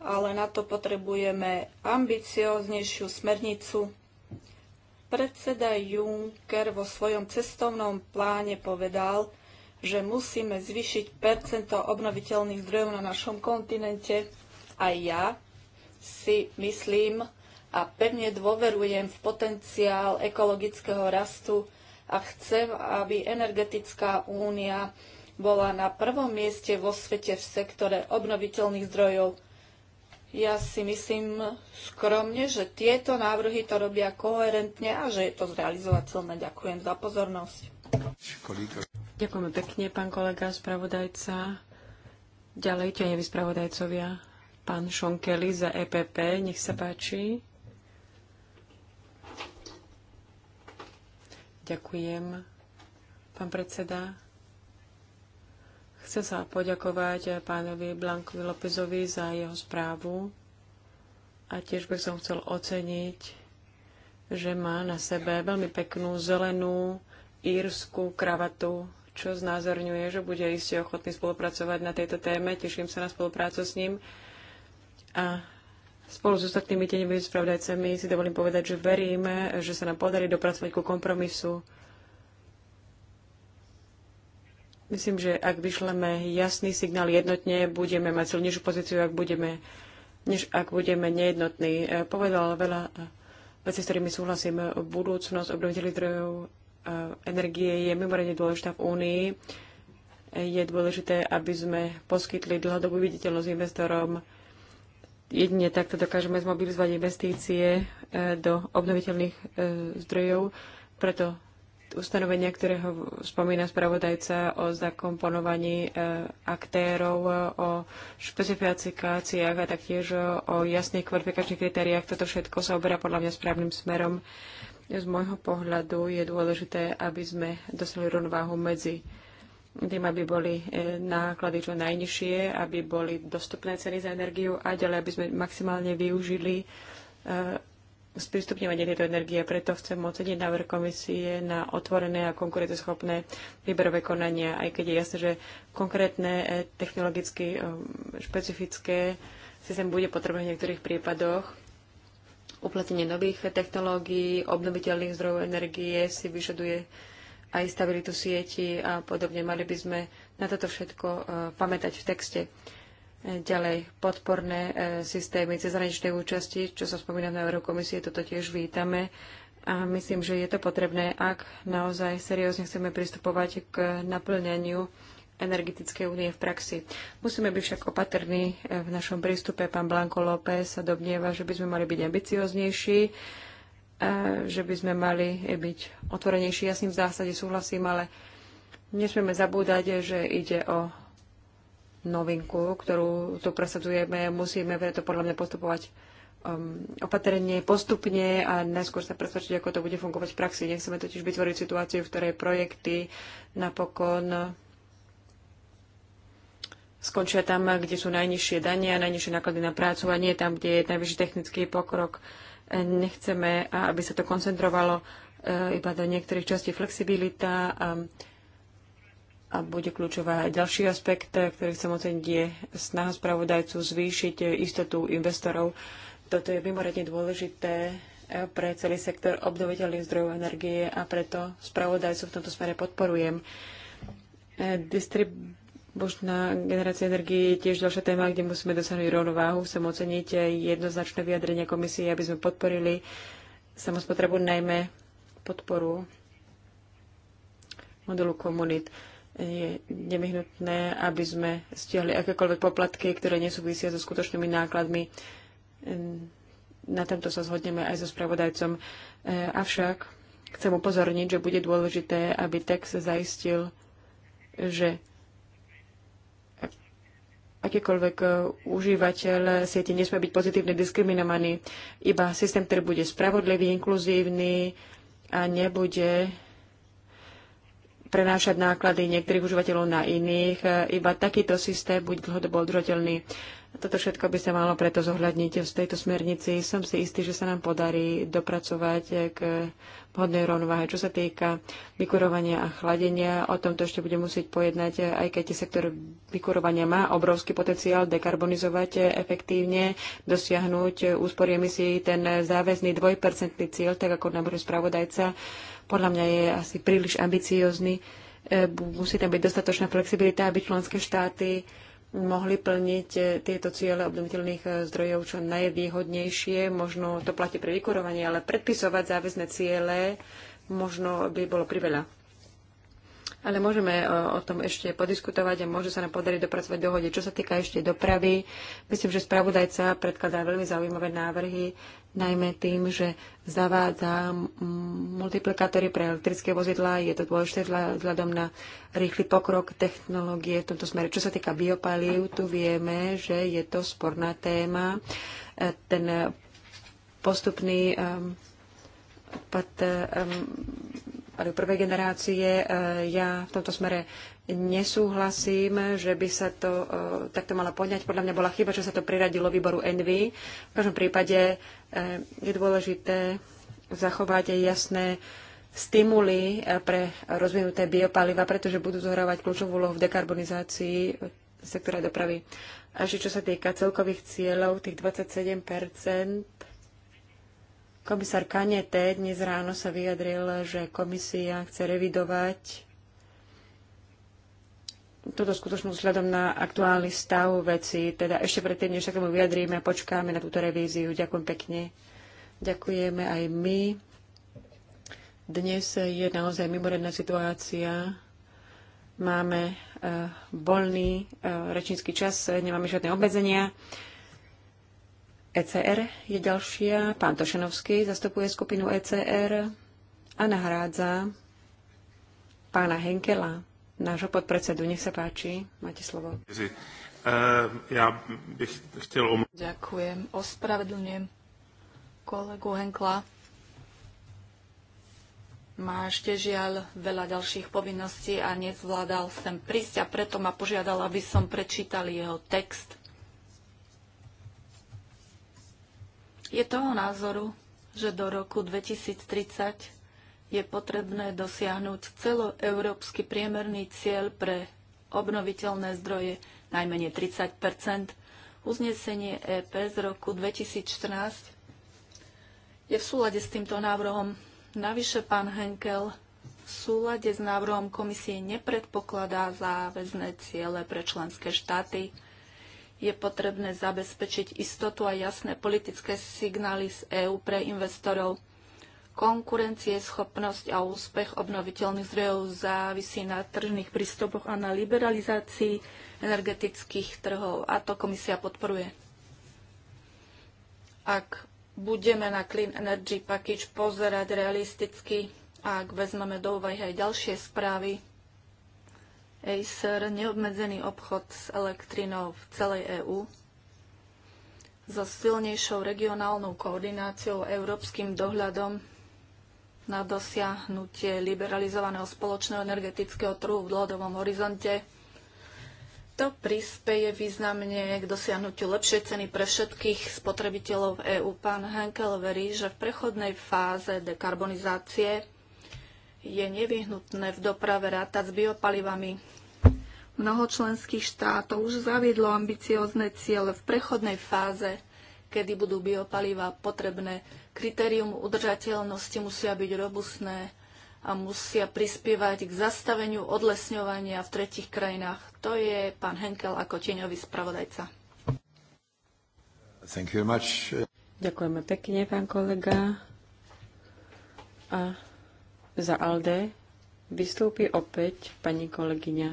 ale na to potrebujeme ambicioznejšiu smernicu. Predseda Juncker vo svojom cestovnom pláne povedal, že musíme zvyšiť percento obnoviteľných zdrojov na našom kontinente. A ja si myslím a pevne dôverujem v potenciál ekologického rastu a chcem, aby energetická únia bola na prvom mieste vo svete v sektore obnoviteľných zdrojov ja si myslím skromne, že tieto návrhy to robia koherentne a že je to zrealizovateľné. Ďakujem za pozornosť. Ďakujem pekne, pán kolega spravodajca. Ďalej ťaňoví spravodajcovia. Pán Šonkeli za EPP, nech sa páči. Ďakujem, pán predseda. Chcem sa poďakovať pánovi Blankovi Lopezovi za jeho správu a tiež by som chcel oceniť, že má na sebe veľmi peknú zelenú írskú kravatu, čo znázorňuje, že bude iste ochotný spolupracovať na tejto téme. Teším sa na spoluprácu s ním. A spolu s ostatnými tenimi spravodajcami si dovolím povedať, že veríme, že sa nám podarí dopracovať ku kompromisu Myslím, že ak vyšleme jasný signál jednotne, budeme mať silnejšiu pozíciu, ak budeme, než ak budeme nejednotní. E, povedal veľa e, vecí, s ktorými súhlasím. Budúcnosť obnoviteľných zdrojov e, energie je mimoriadne dôležitá v Únii. Je dôležité, aby sme poskytli dlhodobú viditeľnosť investorom, jedine takto dokážeme zmobilizovať investície do obnoviteľných zdrojov. Preto ustanovenia, ktoré ho spomína spravodajca o zakomponovaní e, aktérov, e, o špecifikáciách a taktiež o jasných kvalifikačných kritériách. Toto všetko sa oberá podľa mňa správnym smerom. Z môjho pohľadu je dôležité, aby sme dostali rovnováhu medzi tým, aby boli e, náklady čo najnižšie, aby boli dostupné ceny za energiu a ďalej, aby sme maximálne využili sprístupňovanie tejto energie. Preto chcem oceniť návrh komisie na otvorené a konkurenceschopné výberové konania, aj keď je jasné, že konkrétne eh, technologicky eh, špecifické systém bude potrebné v niektorých prípadoch. Uplatnenie nových technológií, obnoviteľných zdrojov energie si vyžaduje aj stabilitu sieti a podobne. Mali by sme na toto všetko eh, pamätať v texte. Ďalej, podporné e, systémy cezhraničnej účasti, čo sa spomína na Eurokomisie, toto tiež vítame. A myslím, že je to potrebné, ak naozaj seriózne chceme pristupovať k naplňaniu energetickej únie v praxi. Musíme byť však opatrní e, v našom prístupe. Pán Blanko López sa dobnieva, že by sme mali byť ambicioznejší, e, že by sme mali byť otvorenejší. Ja s ním v zásade súhlasím, ale nesmieme zabúdať, že ide o novinku, ktorú tu presadzujeme. Musíme preto podľa mňa postupovať um, opatrenie postupne a najskôr sa presvedčiť, ako to bude fungovať v praxi. Nechceme totiž vytvoriť situáciu, v ktorej projekty napokon skončia tam, kde sú najnižšie dania, najnižšie náklady na prácu a nie tam, kde je najvyšší technický pokrok. Nechceme, aby sa to koncentrovalo uh, iba do niektorých častí flexibilita. A, um, a bude kľúčová. aj Ďalší aspekt, ktorý chcem oceniť, je snaha spravodajcu zvýšiť istotu investorov. Toto je mimoriadne dôležité pre celý sektor obnoviteľných zdrojov energie a preto spravodajcu v tomto smere podporujem. Distribučná generácia energie je tiež ďalšia téma, kde musíme dosiahnuť rovnováhu. Chcem oceniť jednoznačné vyjadrenie komisie, aby sme podporili samozpotrebu najmä podporu modelu komunit je nevyhnutné, aby sme stiahli akékoľvek poplatky, ktoré nesúvisia so skutočnými nákladmi. Na tomto sa zhodneme aj so spravodajcom. E, avšak chcem upozorniť, že bude dôležité, aby text zaistil, že akýkoľvek e, užívateľ siete nesmie byť pozitívne diskriminovaný. Iba systém, ktorý bude spravodlivý, inkluzívny a nebude prenášať náklady niektorých užívateľov na iných. Iba takýto systém bude dlhodobo odrodelný. Toto všetko by sa malo preto zohľadniť v tejto smernici. Som si istý, že sa nám podarí dopracovať k vhodnej rovnováhe. Čo sa týka vykurovania a chladenia, o tomto ešte budem musieť pojednať, aj keď sektor vykurovania má obrovský potenciál dekarbonizovať efektívne, dosiahnuť úspory emisí ten záväzný dvojpercentný cieľ, tak ako bude spravodajca, podľa mňa je asi príliš ambiciózny. E, musí tam byť dostatočná flexibilita, aby členské štáty mohli plniť eh, tieto ciele obnoviteľných eh, zdrojov čo najvýhodnejšie. Možno to platí pre vykurovanie, ale predpisovať záväzne ciele možno by bolo priveľa ale môžeme e, o tom ešte podiskutovať a môže sa nám podariť dopracovať dohode. Čo sa týka ešte dopravy, myslím, že spravodajca predkladá veľmi zaujímavé návrhy, najmä tým, že zavádza multiplikátory pre elektrické vozidlá. Je to dôležité vzhľadom na rýchly pokrok technológie v tomto smere. Čo sa týka biopalív, tu vieme, že je to sporná téma. E, ten postupný odpad um, prvej generácie. E, ja v tomto smere nesúhlasím, že by sa to e, takto malo poňať. Podľa mňa bola chyba, že sa to priradilo výboru Envy. V každom prípade e, je dôležité zachovať aj jasné stimuly pre rozvinuté biopaliva, pretože budú zohrávať kľúčovú úlohu v dekarbonizácii sektora dopravy. A čo sa týka celkových cieľov, tých 27 Komisár Kanete dnes ráno sa vyjadril, že komisia chce revidovať túto skutočnú vzhľadom na aktuálny stav veci. Teda ešte predtým, než sa tomu vyjadríme a počkáme na túto revíziu. Ďakujem pekne. Ďakujeme aj my. Dnes je naozaj mimoriadná situácia. Máme eh, voľný eh, rečnícky čas, nemáme žiadne obmedzenia. ECR je ďalšia. Pán Tošenovský zastupuje skupinu ECR a nahrádza pána Henkela, nášho podpredsedu. Nech sa páči, máte slovo. E, ja bych chcel... Ďakujem. Ospravedlňujem kolegu Henkla. Má ešte žiaľ veľa ďalších povinností a nezvládal sem prísť a preto ma požiadal, aby som prečítal jeho text je toho názoru, že do roku 2030 je potrebné dosiahnuť celoeurópsky priemerný cieľ pre obnoviteľné zdroje najmenej 30 Uznesenie EP z roku 2014 je v súlade s týmto návrhom. Navyše pán Henkel v súlade s návrhom komisie nepredpokladá záväzné ciele pre členské štáty je potrebné zabezpečiť istotu a jasné politické signály z EÚ pre investorov. Konkurencie, schopnosť a úspech obnoviteľných zdrojov závisí na tržných prístupoch a na liberalizácii energetických trhov. A to komisia podporuje. Ak budeme na Clean Energy Package pozerať realisticky a ak vezmeme do úvahy aj ďalšie správy, Acer, neobmedzený obchod s elektrinou v celej EÚ, so silnejšou regionálnou koordináciou, európskym dohľadom na dosiahnutie liberalizovaného spoločného energetického trhu v dlhodobom horizonte. To prispeje významne k dosiahnutiu lepšej ceny pre všetkých spotrebiteľov EÚ. Pán Henkel verí, že v prechodnej fáze dekarbonizácie je nevyhnutné v doprave rátať s biopalivami. Mnoho členských štátov už zaviedlo ambiciozne ciele v prechodnej fáze, kedy budú biopaliva potrebné. Kritérium udržateľnosti musia byť robustné a musia prispievať k zastaveniu odlesňovania v tretich krajinách. To je pán Henkel ako tieňový spravodajca. Thank you much. Ďakujeme pekne, pán kolega. A za ALDE vystúpi opäť pani kolegyňa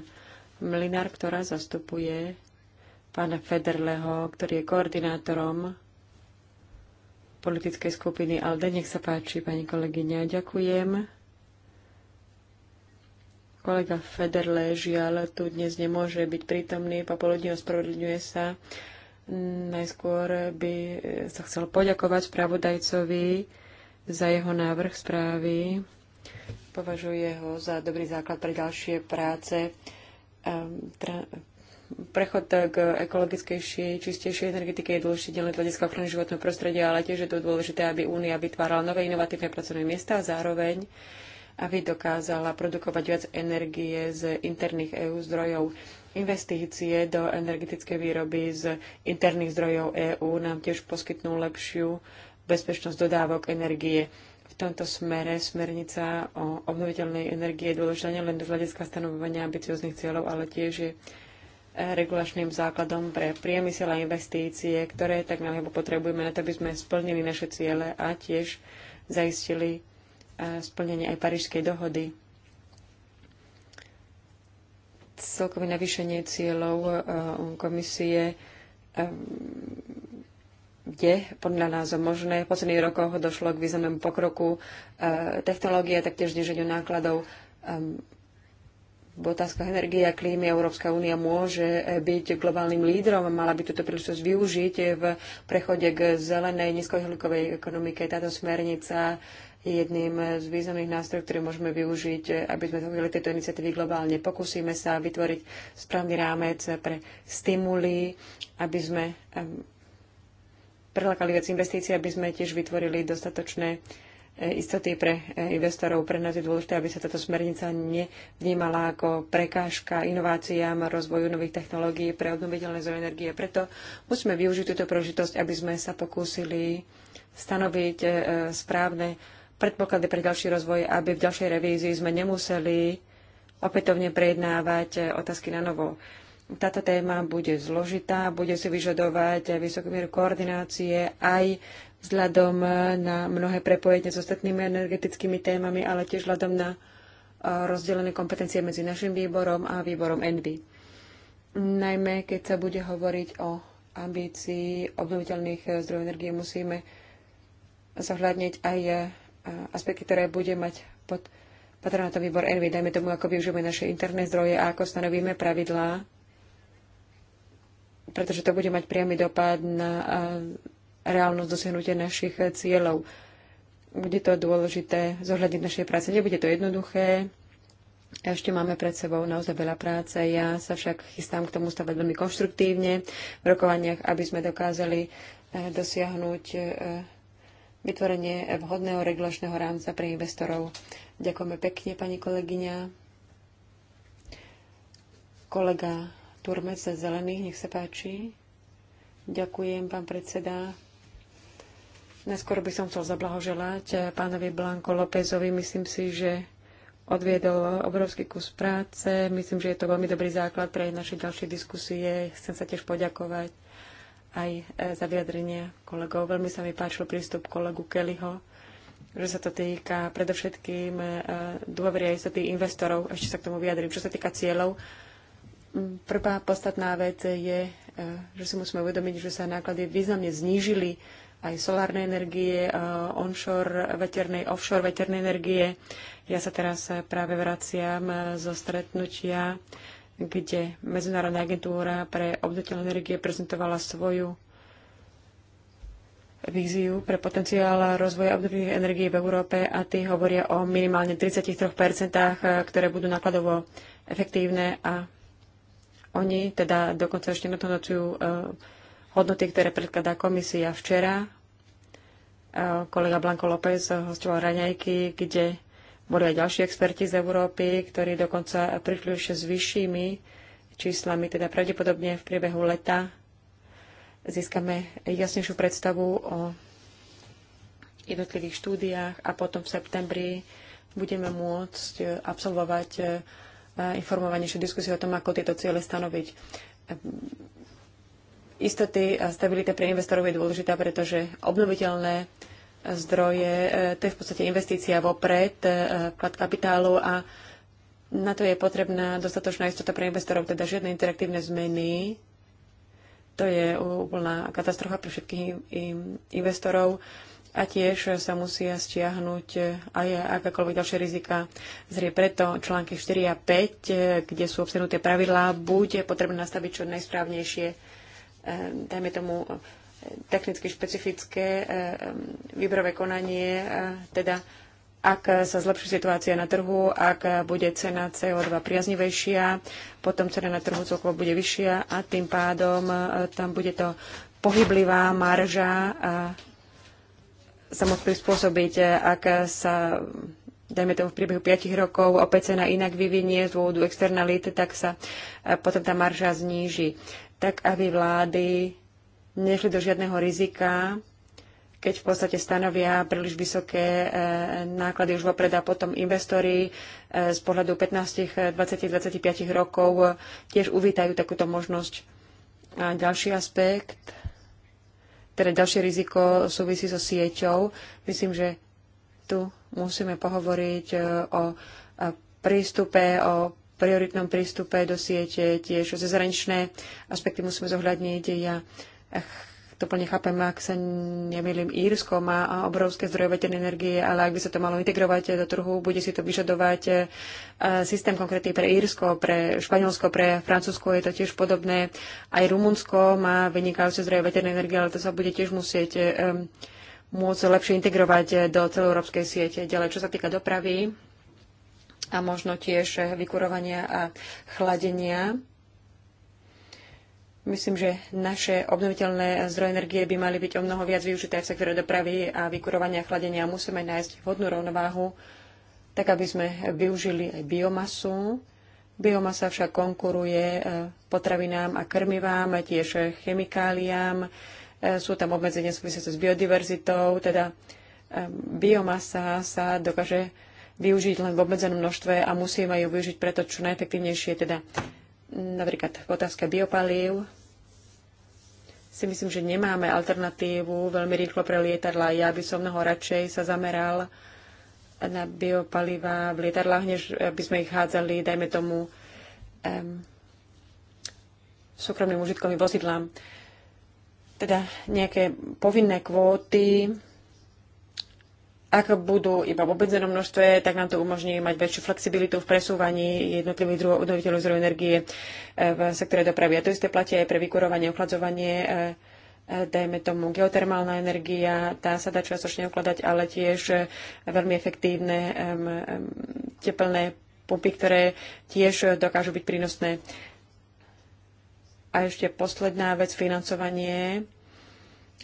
Mlinár, ktorá zastupuje pána Federleho, ktorý je koordinátorom politickej skupiny ALDE. Nech sa páči, pani kolegyňa. Ďakujem. Kolega Federle žiaľ tu dnes nemôže byť prítomný, popoludne ospravedlňuje sa. Najskôr by sa chcel poďakovať spravodajcovi za jeho návrh správy. Považuje ho za dobrý základ pre ďalšie práce. Ehm, prechod k ekologickejšej, čistejšej energetike je dôležitý nielen z hľadiska ochrany životného prostredia, ale tiež je to dôležité, aby Únia vytvárala nové inovatívne pracovné miesta a zároveň aby dokázala produkovať viac energie z interných eÚ zdrojov. Investície do energetickej výroby z interných zdrojov EÚ nám tiež poskytnú lepšiu bezpečnosť dodávok energie tomto smere smernica o obnoviteľnej energie je dôležitá nielen do hľadiska stanovovania ambicióznych cieľov, ale tiež je e, regulačným základom pre priemysel a investície, ktoré tak naliebo potrebujeme na to, aby sme splnili naše ciele a tiež zaistili e, splnenie aj Parížskej dohody. Celkové navýšenie cieľov e, komisie kde podľa nás možné. V posledných rokoch došlo k významnému pokroku e, technológie, taktiež zniženiu nákladov. Ehm, v otázkach energie a klímy Európska únia môže byť globálnym lídrom, mala by túto príležitosť využiť v prechode k zelenej nízkohľukovej ekonomike. Táto smernica je jedným z významných nástrojov, ktoré môžeme využiť, aby sme zaujímali tieto iniciatívy globálne. Pokúsime sa vytvoriť správny rámec pre stimuly, aby sme ehm, prilákali viac investícií, aby sme tiež vytvorili dostatočné e, istoty pre e, investorov. Pre nás je dôležité, aby sa táto smernica nevnímala ako prekážka inováciám, rozvoju nových technológií pre obnoviteľné zdroje energie. Preto musíme využiť túto príležitosť, aby sme sa pokúsili stanoviť e, správne predpoklady pre ďalší rozvoj, aby v ďalšej revízii sme nemuseli opätovne prejednávať otázky na novo. Táto téma bude zložitá, bude si vyžadovať vysokú mieru koordinácie aj vzhľadom na mnohé prepojenie s ostatnými energetickými témami, ale tiež vzhľadom na rozdelené kompetencie medzi našim výborom a výborom ENVY. Najmä keď sa bude hovoriť o ambícii obnoviteľných e, zdrojov energie, musíme zohľadniť aj e, aspekty, ktoré bude mať pod patronátom výbor ENVY, dajme tomu, ako využijeme naše interné zdroje a ako stanovíme pravidlá pretože to bude mať priamy dopad na reálnosť dosiahnutia našich e, cieľov. Bude to dôležité zohľadiť našej práce. Nebude to jednoduché. Ešte máme pred sebou naozaj veľa práce. Ja sa však chystám k tomu stavať veľmi konštruktívne v rokovaniach, aby sme dokázali e, dosiahnuť e, vytvorenie vhodného regulačného rámca pre investorov. Ďakujeme pekne, pani kolegyňa. Kolega Turmec ze zelených, nech sa páči. Ďakujem, pán predseda. Neskôr by som chcel zablahoželať eh, pánovi Blanko Lópezovi. Myslím si, že odviedol obrovský kus práce. Myslím, že je to veľmi dobrý základ pre naše ďalšie diskusie. Chcem sa tiež poďakovať aj eh, za vyjadrenia kolegov. Veľmi sa mi páčil prístup kolegu Kellyho, že sa to týka predovšetkým eh, dôvery aj sa tých investorov. Ešte sa k tomu vyjadrím. Čo sa týka cieľov, Prvá podstatná vec je, e, že si musíme uvedomiť, že sa náklady významne znížili aj solárnej energie, e, onshore veternej, offshore veternej energie. Ja sa teraz e, práve vraciam zo stretnutia, kde Medzinárodná agentúra pre obnoviteľné energie prezentovala svoju víziu pre potenciál rozvoja obnoviteľných energií v Európe a tí hovoria o minimálne 33%, ktoré budú nákladovo efektívne a oni teda dokonca ešte notujú e, hodnoty, ktoré predkladá komisia včera. E, kolega Blanko López hostoval raňajky, kde boli aj ďalší experti z Európy, ktorí dokonca prišli ešte s vyššími číslami, teda pravdepodobne v priebehu leta získame jasnejšiu predstavu o jednotlivých štúdiách a potom v septembri budeme môcť absolvovať e, informovanejšiu diskusiu o tom, ako tieto ciele stanoviť. Istoty a stabilita pre investorov je dôležitá, pretože obnoviteľné zdroje, e, to je v podstate investícia vopred, e, vklad kapitálu a na to je potrebná dostatočná istota pre investorov, teda žiadne interaktívne zmeny. To je úplná katastrofa pre všetkých investorov a tiež sa musia stiahnuť aj akákoľvek ďalšie rizika zrie. Preto články 4 a 5, kde sú obsenuté pravidlá, bude potrebné nastaviť čo najsprávnejšie, eh, dajme tomu, technicky špecifické eh, výberové konanie, eh, teda ak sa zlepší situácia na trhu, ak bude cena CO2 priaznivejšia, potom cena na trhu celkovo bude vyššia a tým pádom tam bude to pohyblivá marža sa môcť prispôsobiť, e, ak sa dajme tomu v priebehu 5 rokov opäť cena inak vyvinie z dôvodu externality, tak sa e, potom tá marža zníži. Tak, aby vlády nešli do žiadneho rizika, keď v podstate stanovia príliš vysoké e, náklady už vopred a potom investori z pohľadu 15, 20, 25 rokov tiež uvítajú takúto možnosť. A ďalší aspekt teda ďalšie riziko súvisí so sieťou. Myslím, že tu musíme pohovoriť e, o e, prístupe, o prioritnom prístupe do siete, tiež cezhraničné aspekty musíme zohľadniť. Ja to plne chápem, ak sa nemýlim, Írsko má obrovské zdroje veternej energie, ale ak by sa to malo integrovať do trhu, bude si to vyžadovať e, systém konkrétny pre Írsko, pre Španielsko, pre Francúzsko je to tiež podobné. Aj Rumunsko má vynikajúce zdroje veternej energie, ale to sa bude tiež musieť e, môcť lepšie integrovať do celoeurópskej siete. Ďalej, čo sa týka dopravy a možno tiež vykurovania a chladenia, Myslím, že naše obnoviteľné zdroje energie by mali byť o mnoho viac využité v sektore dopravy a vykurovania a chladenia. Musíme nájsť vhodnú rovnováhu, tak aby sme využili aj biomasu. Biomasa však konkuruje e, potravinám a krmivám, tiež chemikáliám. E, sú tam obmedzenia súvisiace s biodiverzitou, teda e, biomasa sa dokáže využiť len v obmedzenom množstve a musíme ju využiť preto čo najefektívnejšie, teda Napríklad v otázke biopalív si myslím, že nemáme alternatívu veľmi rýchlo pre lietadla. Ja by som mnoho radšej sa zameral na biopalíva v lietadlách, než by sme ich hádzali, dajme tomu, um, súkromným užitkovým vozidlám. Teda nejaké povinné kvóty ak budú iba v obmedzenom množstve, tak nám to umožní mať väčšiu flexibilitu v presúvaní jednotlivých druhov obnoviteľov zdrojov energie e, v sektore dopravy. A to isté platí aj pre vykurovanie, ochladzovanie, e, e, dajme tomu geotermálna energia, tá sa dá častočne ukladať, ale tiež veľmi efektívne teplné pumpy, ktoré tiež dokážu byť prínosné. A ešte posledná vec, financovanie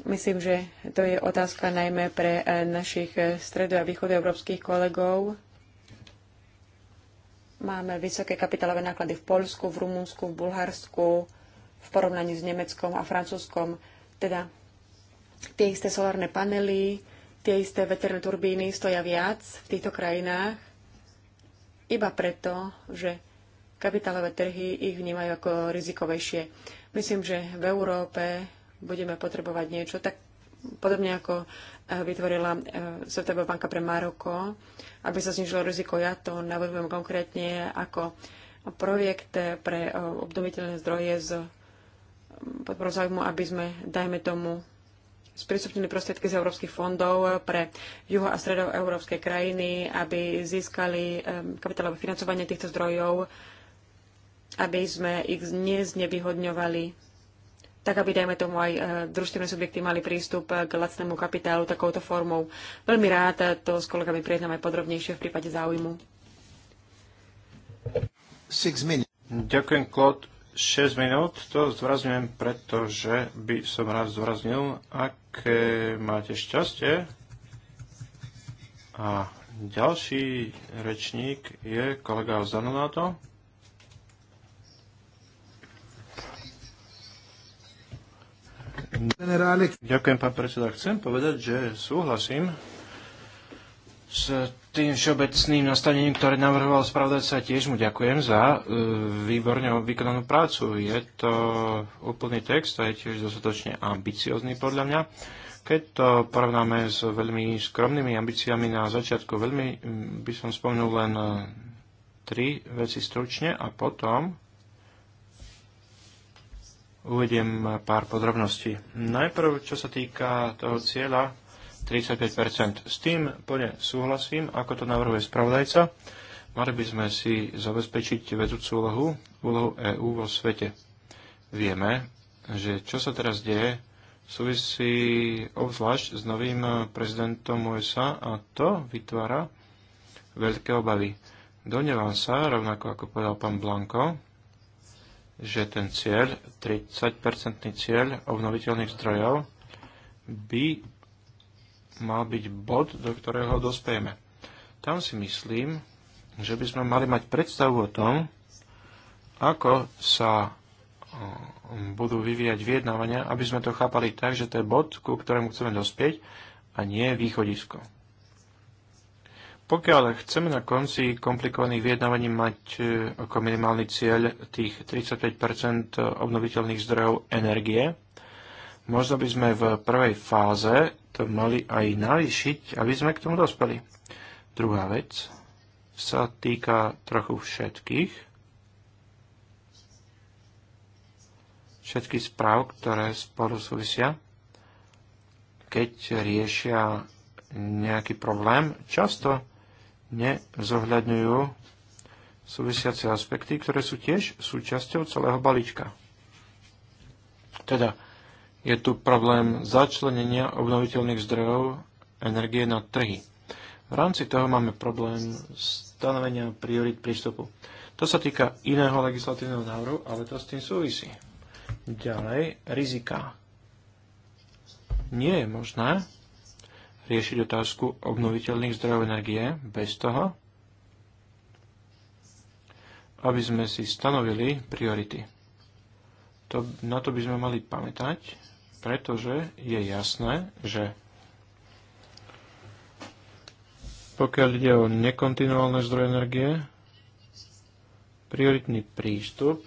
Myslím, že to je otázka najmä pre eh, našich eh, stredo- a východoeurópskych kolegov. Máme vysoké kapitálové náklady v Polsku, v Rumunsku, v Bulharsku, v porovnaní s Nemeckom a Francúzskom. Teda tie isté solárne panely, tie isté veterné turbíny stoja viac v týchto krajinách iba preto, že kapitálové trhy ich vnímajú ako rizikovejšie. Myslím, že v Európe budeme potrebovať niečo, tak podobne ako e, vytvorila e, Svetová banka pre Maroko, aby sa znižilo riziko. Ja to navrhujem konkrétne ako projekt pre e, obnoviteľné zdroje z podporu aby sme, dajme tomu, sprístupnili prostriedky z európskych fondov pre juho- a stredoeurópske krajiny, aby získali kapitálové financovanie týchto zdrojov, aby sme ich neznevýhodňovali tak aby, dajme tomu, aj e, družstvené subjekty mali prístup e, k lacnému kapitálu takouto formou. Veľmi rád e, to s kolegami prejednám aj podrobnejšie v prípade záujmu. Ďakujem, Klod. 6 minút, to zdôrazňujem, pretože by som rád zdôraznil, ak máte šťastie. A ďalší rečník je kolega Zanonato. Ďakujem, pán predseda. Chcem povedať, že súhlasím s tým všeobecným nastavením, ktoré navrhoval spravdať sa tiež mu ďakujem za e, výborne vykonanú prácu. Je to úplný text a je tiež dostatočne ambiciozný podľa mňa. Keď to porovnáme s veľmi skromnými ambíciami na začiatku, veľmi by som spomenul len e, tri veci stručne a potom uvediem pár podrobností. Najprv, čo sa týka toho cieľa 35%. S tým plne súhlasím, ako to navrhuje spravodajca. Mali by sme si zabezpečiť vedúcu úlohu, úlohu EÚ vo svete. Vieme, že čo sa teraz deje, súvisí obzvlášť s novým prezidentom USA a to vytvára veľké obavy. Donevám sa, rovnako ako povedal pán Blanko, že ten cieľ, 30-percentný cieľ obnoviteľných zdrojov by mal byť bod, do ktorého dospejeme. Tam si myslím, že by sme mali mať predstavu o tom, ako sa budú vyvíjať vyjednávania, aby sme to chápali tak, že to je bod, ku ktorému chceme dospieť a nie východisko. Pokiaľ chceme na konci komplikovaných vyjednávaní mať e, ako minimálny cieľ tých 35 obnoviteľných zdrojov energie, možno by sme v prvej fáze to mali aj navýšiť, aby sme k tomu dospeli. Druhá vec sa týka trochu všetkých. všetkých správ, ktoré spolu súvisia, keď riešia nejaký problém. Často nezohľadňujú súvisiace aspekty, ktoré sú tiež súčasťou celého balíčka. Teda je tu problém začlenenia obnoviteľných zdrojov energie na trhy. V rámci toho máme problém stanovenia priorit prístupu. To sa týka iného legislatívneho návrhu, ale to s tým súvisí. Ďalej, rizika. Nie je možné, riešiť otázku obnoviteľných zdrojov energie bez toho, aby sme si stanovili priority. To, na to by sme mali pamätať, pretože je jasné, že pokiaľ ide o nekontinuálne zdroje energie, prioritný prístup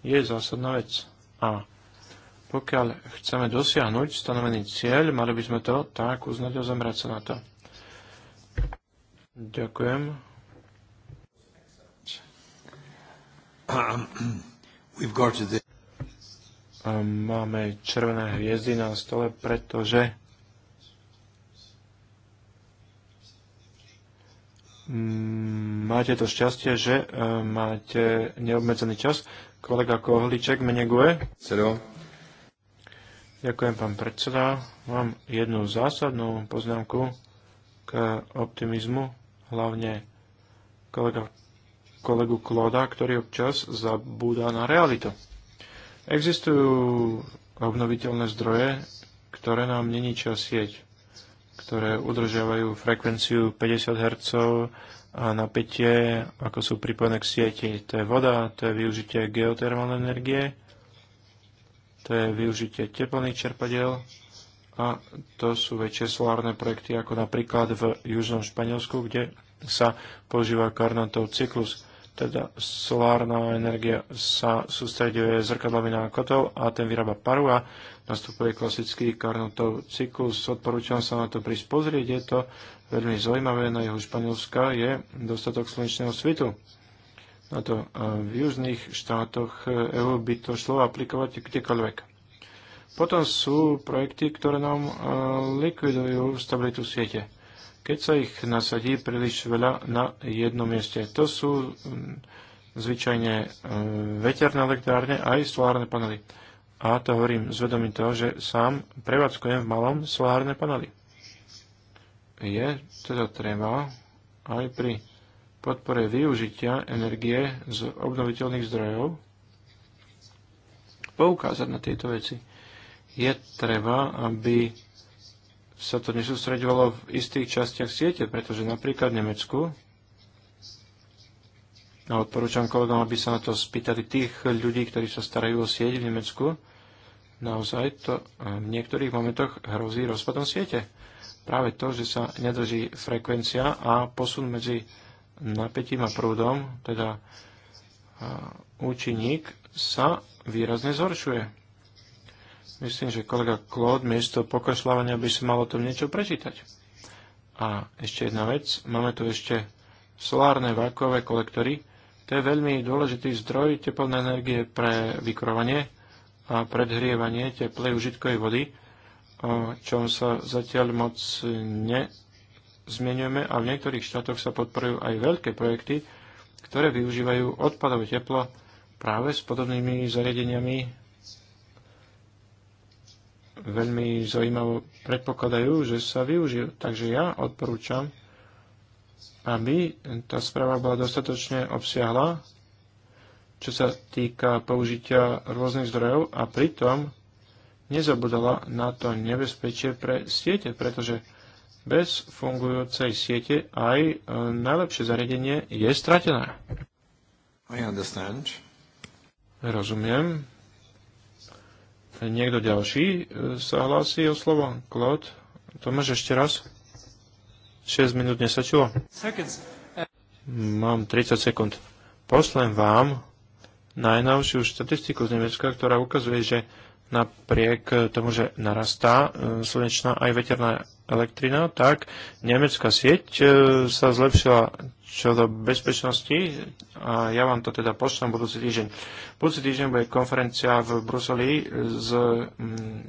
je zásadná vec. A pokiaľ chceme dosiahnuť stanovený cieľ, mali by sme to tak uznať a zamerať sa na to. Ďakujem. Máme červené hviezdy na stole, pretože máte to šťastie, že e, máte neobmedzený čas. Kolega Kohliček, mene GUE. Ďakujem, pán predseda. Mám jednu zásadnú poznámku k optimizmu, hlavne kolega, kolegu Kloda, ktorý občas zabúda na realitu. Existujú obnoviteľné zdroje, ktoré nám neničia sieť, ktoré udržiavajú frekvenciu 50 Hz a napätie, ako sú pripojené k sieti. To je voda, to je využitie geotermálnej energie, to je využitie teplných čerpadiel a to sú väčšie solárne projekty, ako napríklad v južnom Španielsku, kde sa používa karnatov cyklus. Teda solárna energia sa sústreduje zrkadlami na kotov a ten vyrába paru a nastupuje klasický karnatov cyklus. Odporúčam sa na to prísť pozrieť, je to veľmi zaujímavé na jeho Španielska, je dostatok slnečného svitu na to. A v južných štátoch EU by to šlo aplikovať kdekoľvek. Potom sú projekty, ktoré nám e, likvidujú stabilitu siete, keď sa ich nasadí príliš veľa na jednom mieste. To sú zvyčajne e, veterné elektrárne aj solárne panely. A to hovorím vedomím toho, že sám prevádzkujem v malom solárne panely. Je teda treba aj pri podpore využitia energie z obnoviteľných zdrojov poukázať na tieto veci. Je treba, aby sa to nesústredovalo v istých častiach siete, pretože napríklad v Nemecku, a odporúčam kolegom, aby sa na to spýtali tých ľudí, ktorí sa starajú o sieť v Nemecku, naozaj to v niektorých momentoch hrozí rozpadom siete. Práve to, že sa nedrží frekvencia a posun medzi napätím a prúdom, teda účinník, sa výrazne zhoršuje. Myslím, že kolega Claude miesto pokašľávania by si malo tom niečo prečítať. A ešte jedna vec, máme tu ešte solárne vákové kolektory. To je veľmi dôležitý zdroj teplnej energie pre vykrovanie a predhrievanie teplej užitkovej vody, o čom sa zatiaľ moc ne zmienujeme a v niektorých štátoch sa podporujú aj veľké projekty, ktoré využívajú odpadové teplo práve s podobnými zariadeniami. Veľmi zaujímavo predpokladajú, že sa využijú. Takže ja odporúčam, aby tá správa bola dostatočne obsiahla, čo sa týka použitia rôznych zdrojov a pritom nezabudala na to nebezpečie pre siete, pretože bez fungujúcej siete aj e, najlepšie zariadenie je stratené. I understand. Rozumiem. Niekto ďalší e, sa hlási o slovo? Klod? Tomáš, ešte raz? 6 minút nesačilo? Mám 30 sekúnd. Poslem vám najnovšiu štatistiku z Nemecka, ktorá ukazuje, že napriek tomu, že narastá e, slnečná aj veterná elektrina, tak nemecká sieť e, sa zlepšila čo do bezpečnosti a ja vám to teda pošlem budúci týždeň. Budúci týždeň bude konferencia v Bruseli z mm,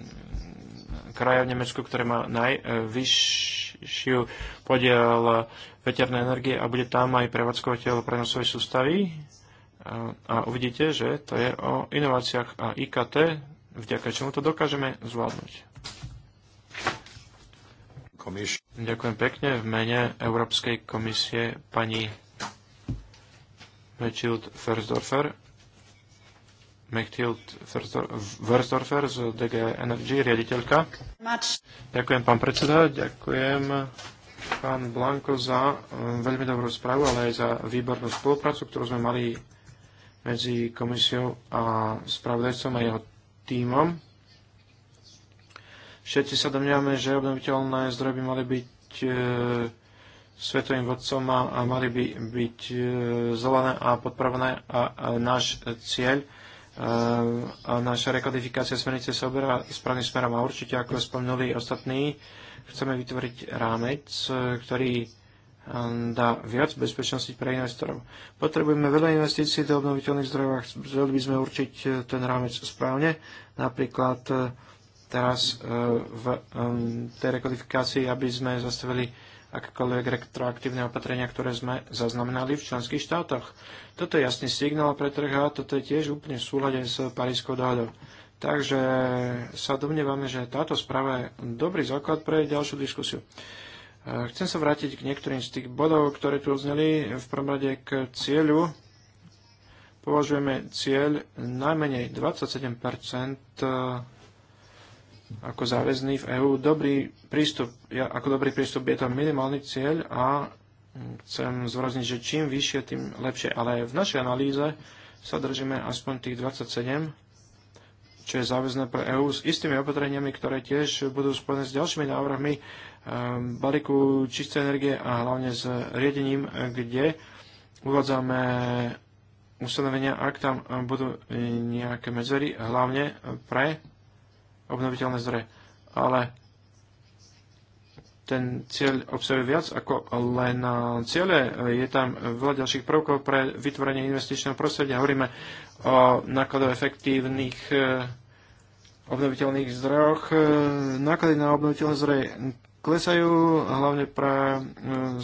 kraja v Nemecku, ktoré má najvyššiu podiel veternej energie a bude tam aj prevádzkovateľ prenosovej sústavy. A, a uvidíte, že to je o inováciách a IKT, vďaka čomu to dokážeme zvládnuť. Commission. Ďakujem pekne. V mene Európskej komisie pani Mechild Versdorfer. Mechild Versdorfer z DG Energy, riaditeľka. Ďakujem, pán predseda. Ďakujem pán Blanko za um, veľmi dobrú správu, ale aj za výbornú spoluprácu, ktorú sme mali medzi komisiou a spravodajcom a jeho tímom. Všetci sa domňame, že obnoviteľné zdroje by mali byť e, svetovým vodcom a, a mali by byť e, zelené a podporované a, a náš cieľ e, a naša rekodifikácia smernice sa oberá správnym smerom a určite, ako spomínali ostatní, chceme vytvoriť rámec, e, ktorý e, dá viac bezpečnosti pre investorov. Potrebujeme veľa investícií do obnoviteľných zdrojov a chceli by sme určiť e, ten rámec správne. Napríklad teraz e, v e, tej rekodifikácii, aby sme zastavili akékoľvek retroaktívne opatrenia, ktoré sme zaznamenali v členských štátoch. Toto je jasný signál pre trh a toto je tiež úplne v súlade s Parískou dohodou. Takže sa domnievame, že táto správa je dobrý základ pre ďalšiu diskusiu. E, chcem sa vrátiť k niektorým z tých bodov, ktoré tu odzneli. V prvom rade k cieľu. Považujeme cieľ najmenej 27 ako záväzný v EÚ. Dobrý prístup, ja, ako dobrý prístup je to minimálny cieľ a chcem zvrazniť, že čím vyššie, tým lepšie. Ale v našej analýze sa držíme aspoň tých 27, čo je záväzné pre EÚ, s istými opatreniami, ktoré tiež budú spojené s ďalšími návrhmi eh, balíku čistej energie a hlavne s riedením, kde uvádzame ustanovenia, ak tam budú nejaké medzery, hlavne pre obnoviteľné zdroje. Ale ten cieľ obsahuje viac ako len ciele. Je tam veľa ďalších prvkov pre vytvorenie investičného prostredia. Hovoríme o nákladoch efektívnych eh, obnoviteľných zdrojoch. Eh, náklady na obnoviteľné zdroje klesajú, hlavne pre eh,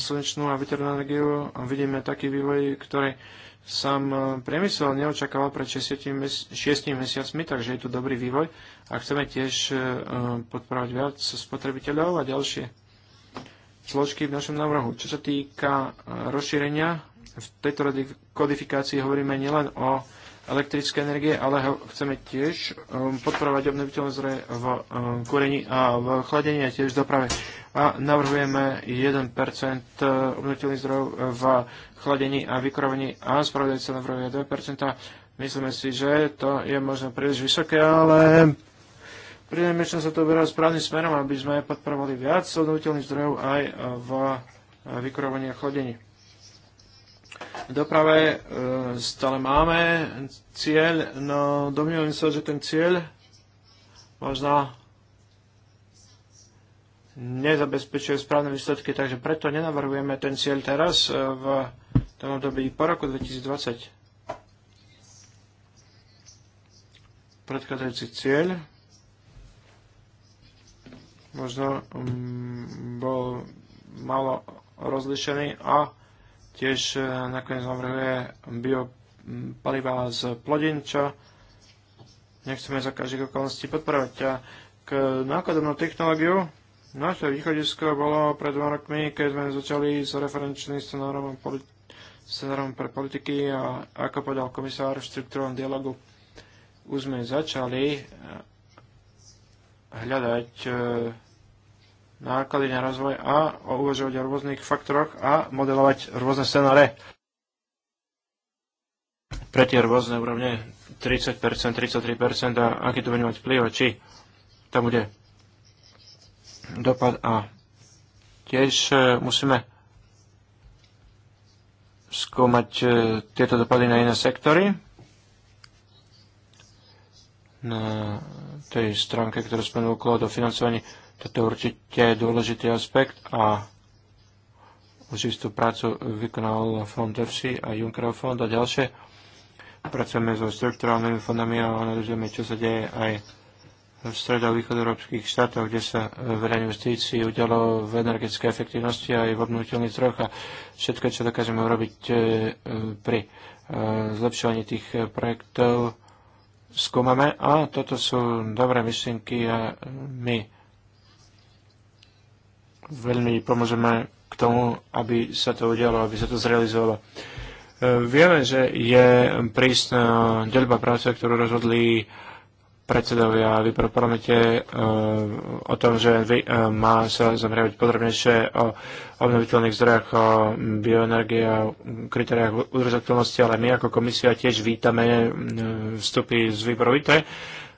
slnečnú a veternú energiu. Vidíme taký vývoj, ktorý som e, priemysel neočakával pred 6, mesiacmi, takže je tu dobrý vývoj a chceme tiež e, e, podporovať viac spotrebiteľov a ďalšie zložky v našom návrhu. Čo sa týka rozšírenia, v tejto kodifikácii hovoríme nielen o elektrické energie, ale chceme tiež podporovať obnoviteľné zdroje v kúrení a v chladení a tiež v doprave a navrhujeme 1% e, obnoviteľných zdrojov e, v chladení a vykurovaní a sa navrhuje 2%. Myslíme si, že to je možno príliš vysoké, ale prinajmenšom sa to uberá správnym smerom, aby sme podporovali viac obnoviteľných zdrojov aj e, v vykurovaní a chladení. V doprave stále máme cieľ, no domnievam sa, že ten cieľ možno nezabezpečuje správne výsledky, takže preto nenavrhujeme ten cieľ teraz e, v tom období po roku 2020. predkladajúci cieľ možno mm, bol malo rozlišený a tiež e, nakoniec navrhuje biopaliva z plodin, čo nechceme za každých okolností podporovať. A k nákladom na technológiu naše východisko bolo pred dva rokmi, keď sme začali s referenčným scenárom, politi- scenárom pre politiky a ako povedal komisár v štruktúrnom dialogu, už sme začali eh, hľadať eh, náklady na rozvoj a uvažovať o rôznych faktoroch a modelovať rôzne scenáre pre tie rôzne úrovne 30%, 33% a aký to bude mať vplyv, či tam bude dopad a tiež e, musíme skúmať e, tieto dopady na iné sektory. Na tej stránke, ktorú sme Claude o financovaní, toto je určite dôležitý aspekt a už istú prácu vykonal fond EFSI a Junckerov fond a ďalšie. Pracujeme so strukturálnymi fondami a analizujeme, čo sa deje aj v stredovýchodoeurópskych štátoch, kde sa e, veľa investícií udialo v energetické efektivnosti aj v obnoviteľných troch a všetko, čo dokážeme urobiť e, e, pri zlepšovaní tých projektov, skúmame a toto sú dobré myšlienky a my veľmi pomôžeme k tomu, aby sa to udialo, aby sa to zrealizovalo. Vieme, že je prísna deľba práce, ktorú rozhodli predsedovia v parlamente e, o tom, že e, má sa zameriavať podrobnejšie o obnoviteľných zdrojach o bioenergie a kritériách udržateľnosti, ale my ako komisia tiež vítame e, vstupy z výboru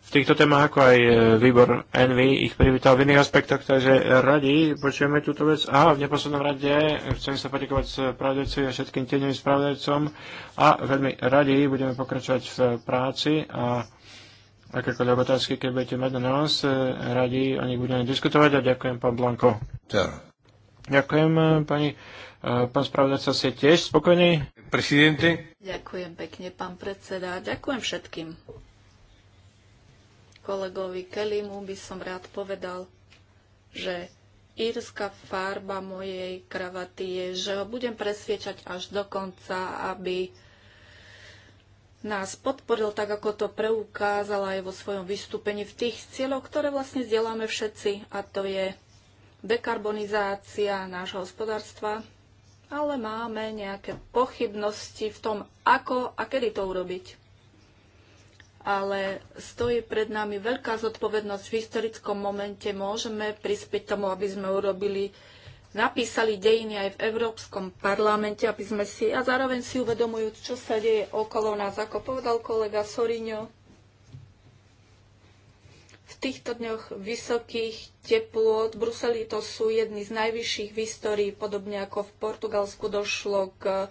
v týchto témach, ako aj výbor Envy ich privítal v iných aspektoch, takže radi počujeme túto vec. A v neposlednom rade chcem sa poďakovať spravodajcovi a všetkým tieňovým spravodajcom a veľmi radi budeme pokračovať v práci a akékoľvek otázky, keď budete mať na nás, e, radi o nich budeme diskutovať a ďakujem pán Blanko. Tá. Ďakujem e, pani. E, pán spravodajca, ste tiež spokojný? Presidente. Ďakujem pekne, pán predseda. Ďakujem všetkým. Kolegovi Kelimu by som rád povedal, že írska farba mojej kravaty je, že ho budem presviečať až do konca, aby nás podporil, tak ako to preukázala aj vo svojom vystúpení v tých cieľoch, ktoré vlastne zdieľame všetci, a to je dekarbonizácia nášho hospodárstva, ale máme nejaké pochybnosti v tom, ako a kedy to urobiť. Ale stojí pred nami veľká zodpovednosť. V historickom momente môžeme prispieť tomu, aby sme urobili napísali dejiny aj v Európskom parlamente, aby sme si, a zároveň si uvedomujúc, čo sa deje okolo nás, ako povedal kolega Sorino, v týchto dňoch vysokých teplôt v Bruseli to sú jedny z najvyšších v histórii, podobne ako v Portugalsku došlo k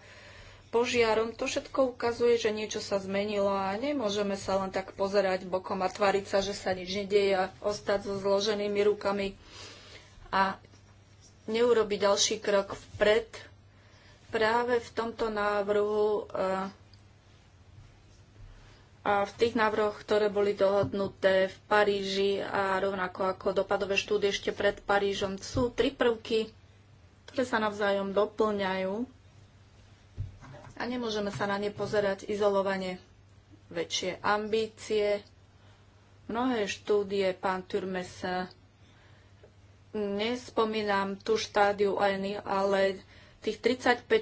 požiarom. To všetko ukazuje, že niečo sa zmenilo a nemôžeme sa len tak pozerať bokom a tváriť sa, že sa nič nedieje a ostať so zloženými rukami. A neurobi ďalší krok vpred práve v tomto návrhu eh, a v tých návrhoch, ktoré boli dohodnuté v Paríži a rovnako ako dopadové štúdie ešte pred Parížom, sú tri prvky, ktoré sa navzájom doplňajú a nemôžeme sa na ne pozerať izolovane. Väčšie ambície, mnohé štúdie pán Turmes eh, nespomínam tú štádiu ENI, ale tých 35 e,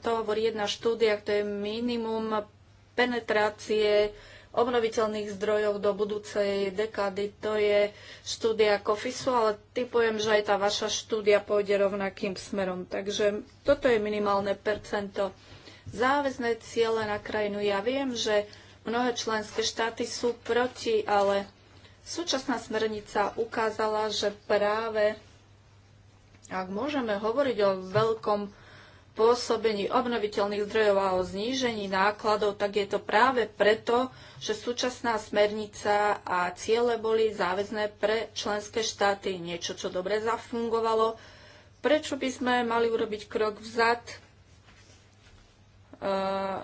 to hovorí jedna štúdia, to je minimum penetrácie obnoviteľných zdrojov do budúcej dekády. To je štúdia Kofisu, ale typujem, že aj tá vaša štúdia pôjde rovnakým smerom. Takže toto je minimálne percento. Záväzné ciele na krajinu. Ja viem, že mnohé členské štáty sú proti, ale Súčasná smernica ukázala, že práve ak môžeme hovoriť o veľkom pôsobení obnoviteľných zdrojov a o znížení nákladov, tak je to práve preto, že súčasná smernica a ciele boli záväzné pre členské štáty. Niečo, čo dobre zafungovalo. Prečo by sme mali urobiť krok vzad, e,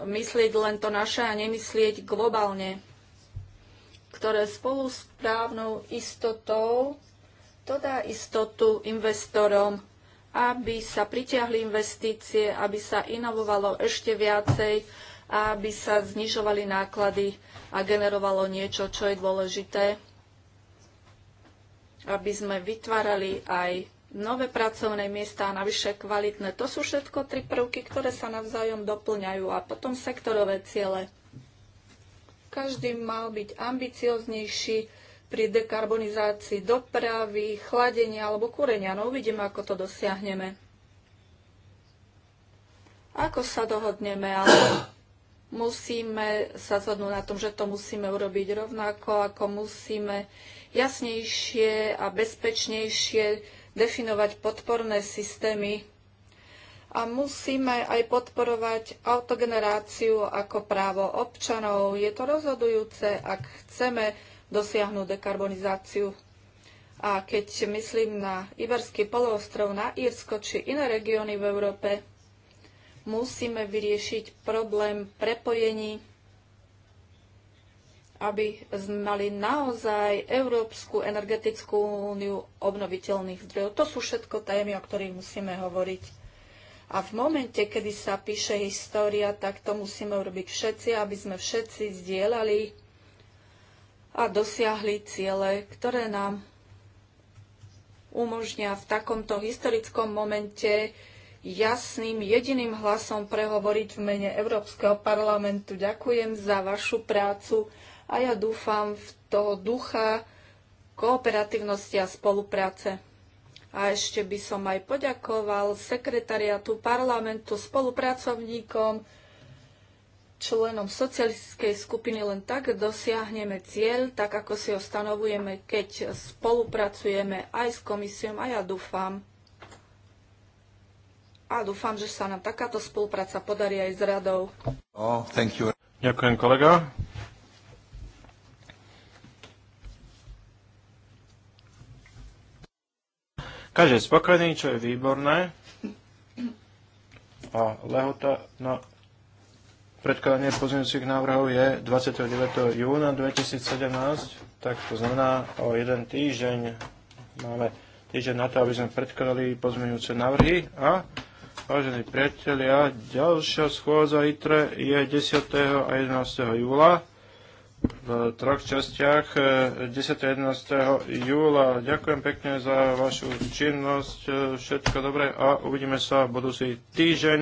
myslieť len to naše a nemyslieť globálne? ktoré spolu s právnou istotou to dá istotu investorom, aby sa pritiahli investície, aby sa inovovalo ešte viacej, aby sa znižovali náklady a generovalo niečo, čo je dôležité, aby sme vytvárali aj nové pracovné miesta a navyše kvalitné. To sú všetko tri prvky, ktoré sa navzájom doplňajú a potom sektorové ciele. Každý mal byť ambicioznejší pri dekarbonizácii dopravy, chladenia alebo kúrenia. No uvidíme, ako to dosiahneme. Ako sa dohodneme, ale musíme sa zhodnúť na tom, že to musíme urobiť rovnako, ako musíme jasnejšie a bezpečnejšie definovať podporné systémy a musíme aj podporovať autogeneráciu ako právo občanov. Je to rozhodujúce, ak chceme dosiahnuť dekarbonizáciu. A keď myslím na Iberský poloostrov, na Írsko či iné regióny v Európe, musíme vyriešiť problém prepojení, aby sme mali naozaj Európsku energetickú úniu obnoviteľných zdrojov. To sú všetko témy, o ktorých musíme hovoriť. A v momente, kedy sa píše história, tak to musíme urobiť všetci, aby sme všetci zdieľali a dosiahli ciele, ktoré nám umožňa v takomto historickom momente jasným, jediným hlasom prehovoriť v mene Európskeho parlamentu. Ďakujem za vašu prácu a ja dúfam v toho ducha kooperatívnosti a spolupráce. A ešte by som aj poďakoval sekretariatu parlamentu, spolupracovníkom, členom socialistickej skupiny len tak dosiahneme cieľ, tak ako si ho stanovujeme, keď spolupracujeme aj s komisiou a ja dúfam, a dúfam, že sa nám takáto spolupráca podarí aj s radou. Oh, thank you. Ďakujem kolega. Každý je spokojný, čo je výborné. A lehota na predkladanie pozmeňujúcich návrhov je 29. júna 2017, tak to znamená o jeden týždeň máme týždeň na to, aby sme predkladali pozmeňujúce návrhy a Vážení priatelia, ďalšia schôdza ITRE je 10. a 11. júla v troch častiach 10. Eh, 11. júla. Ďakujem pekne za vašu činnosť, eh, všetko dobré a uvidíme sa budúci týždeň.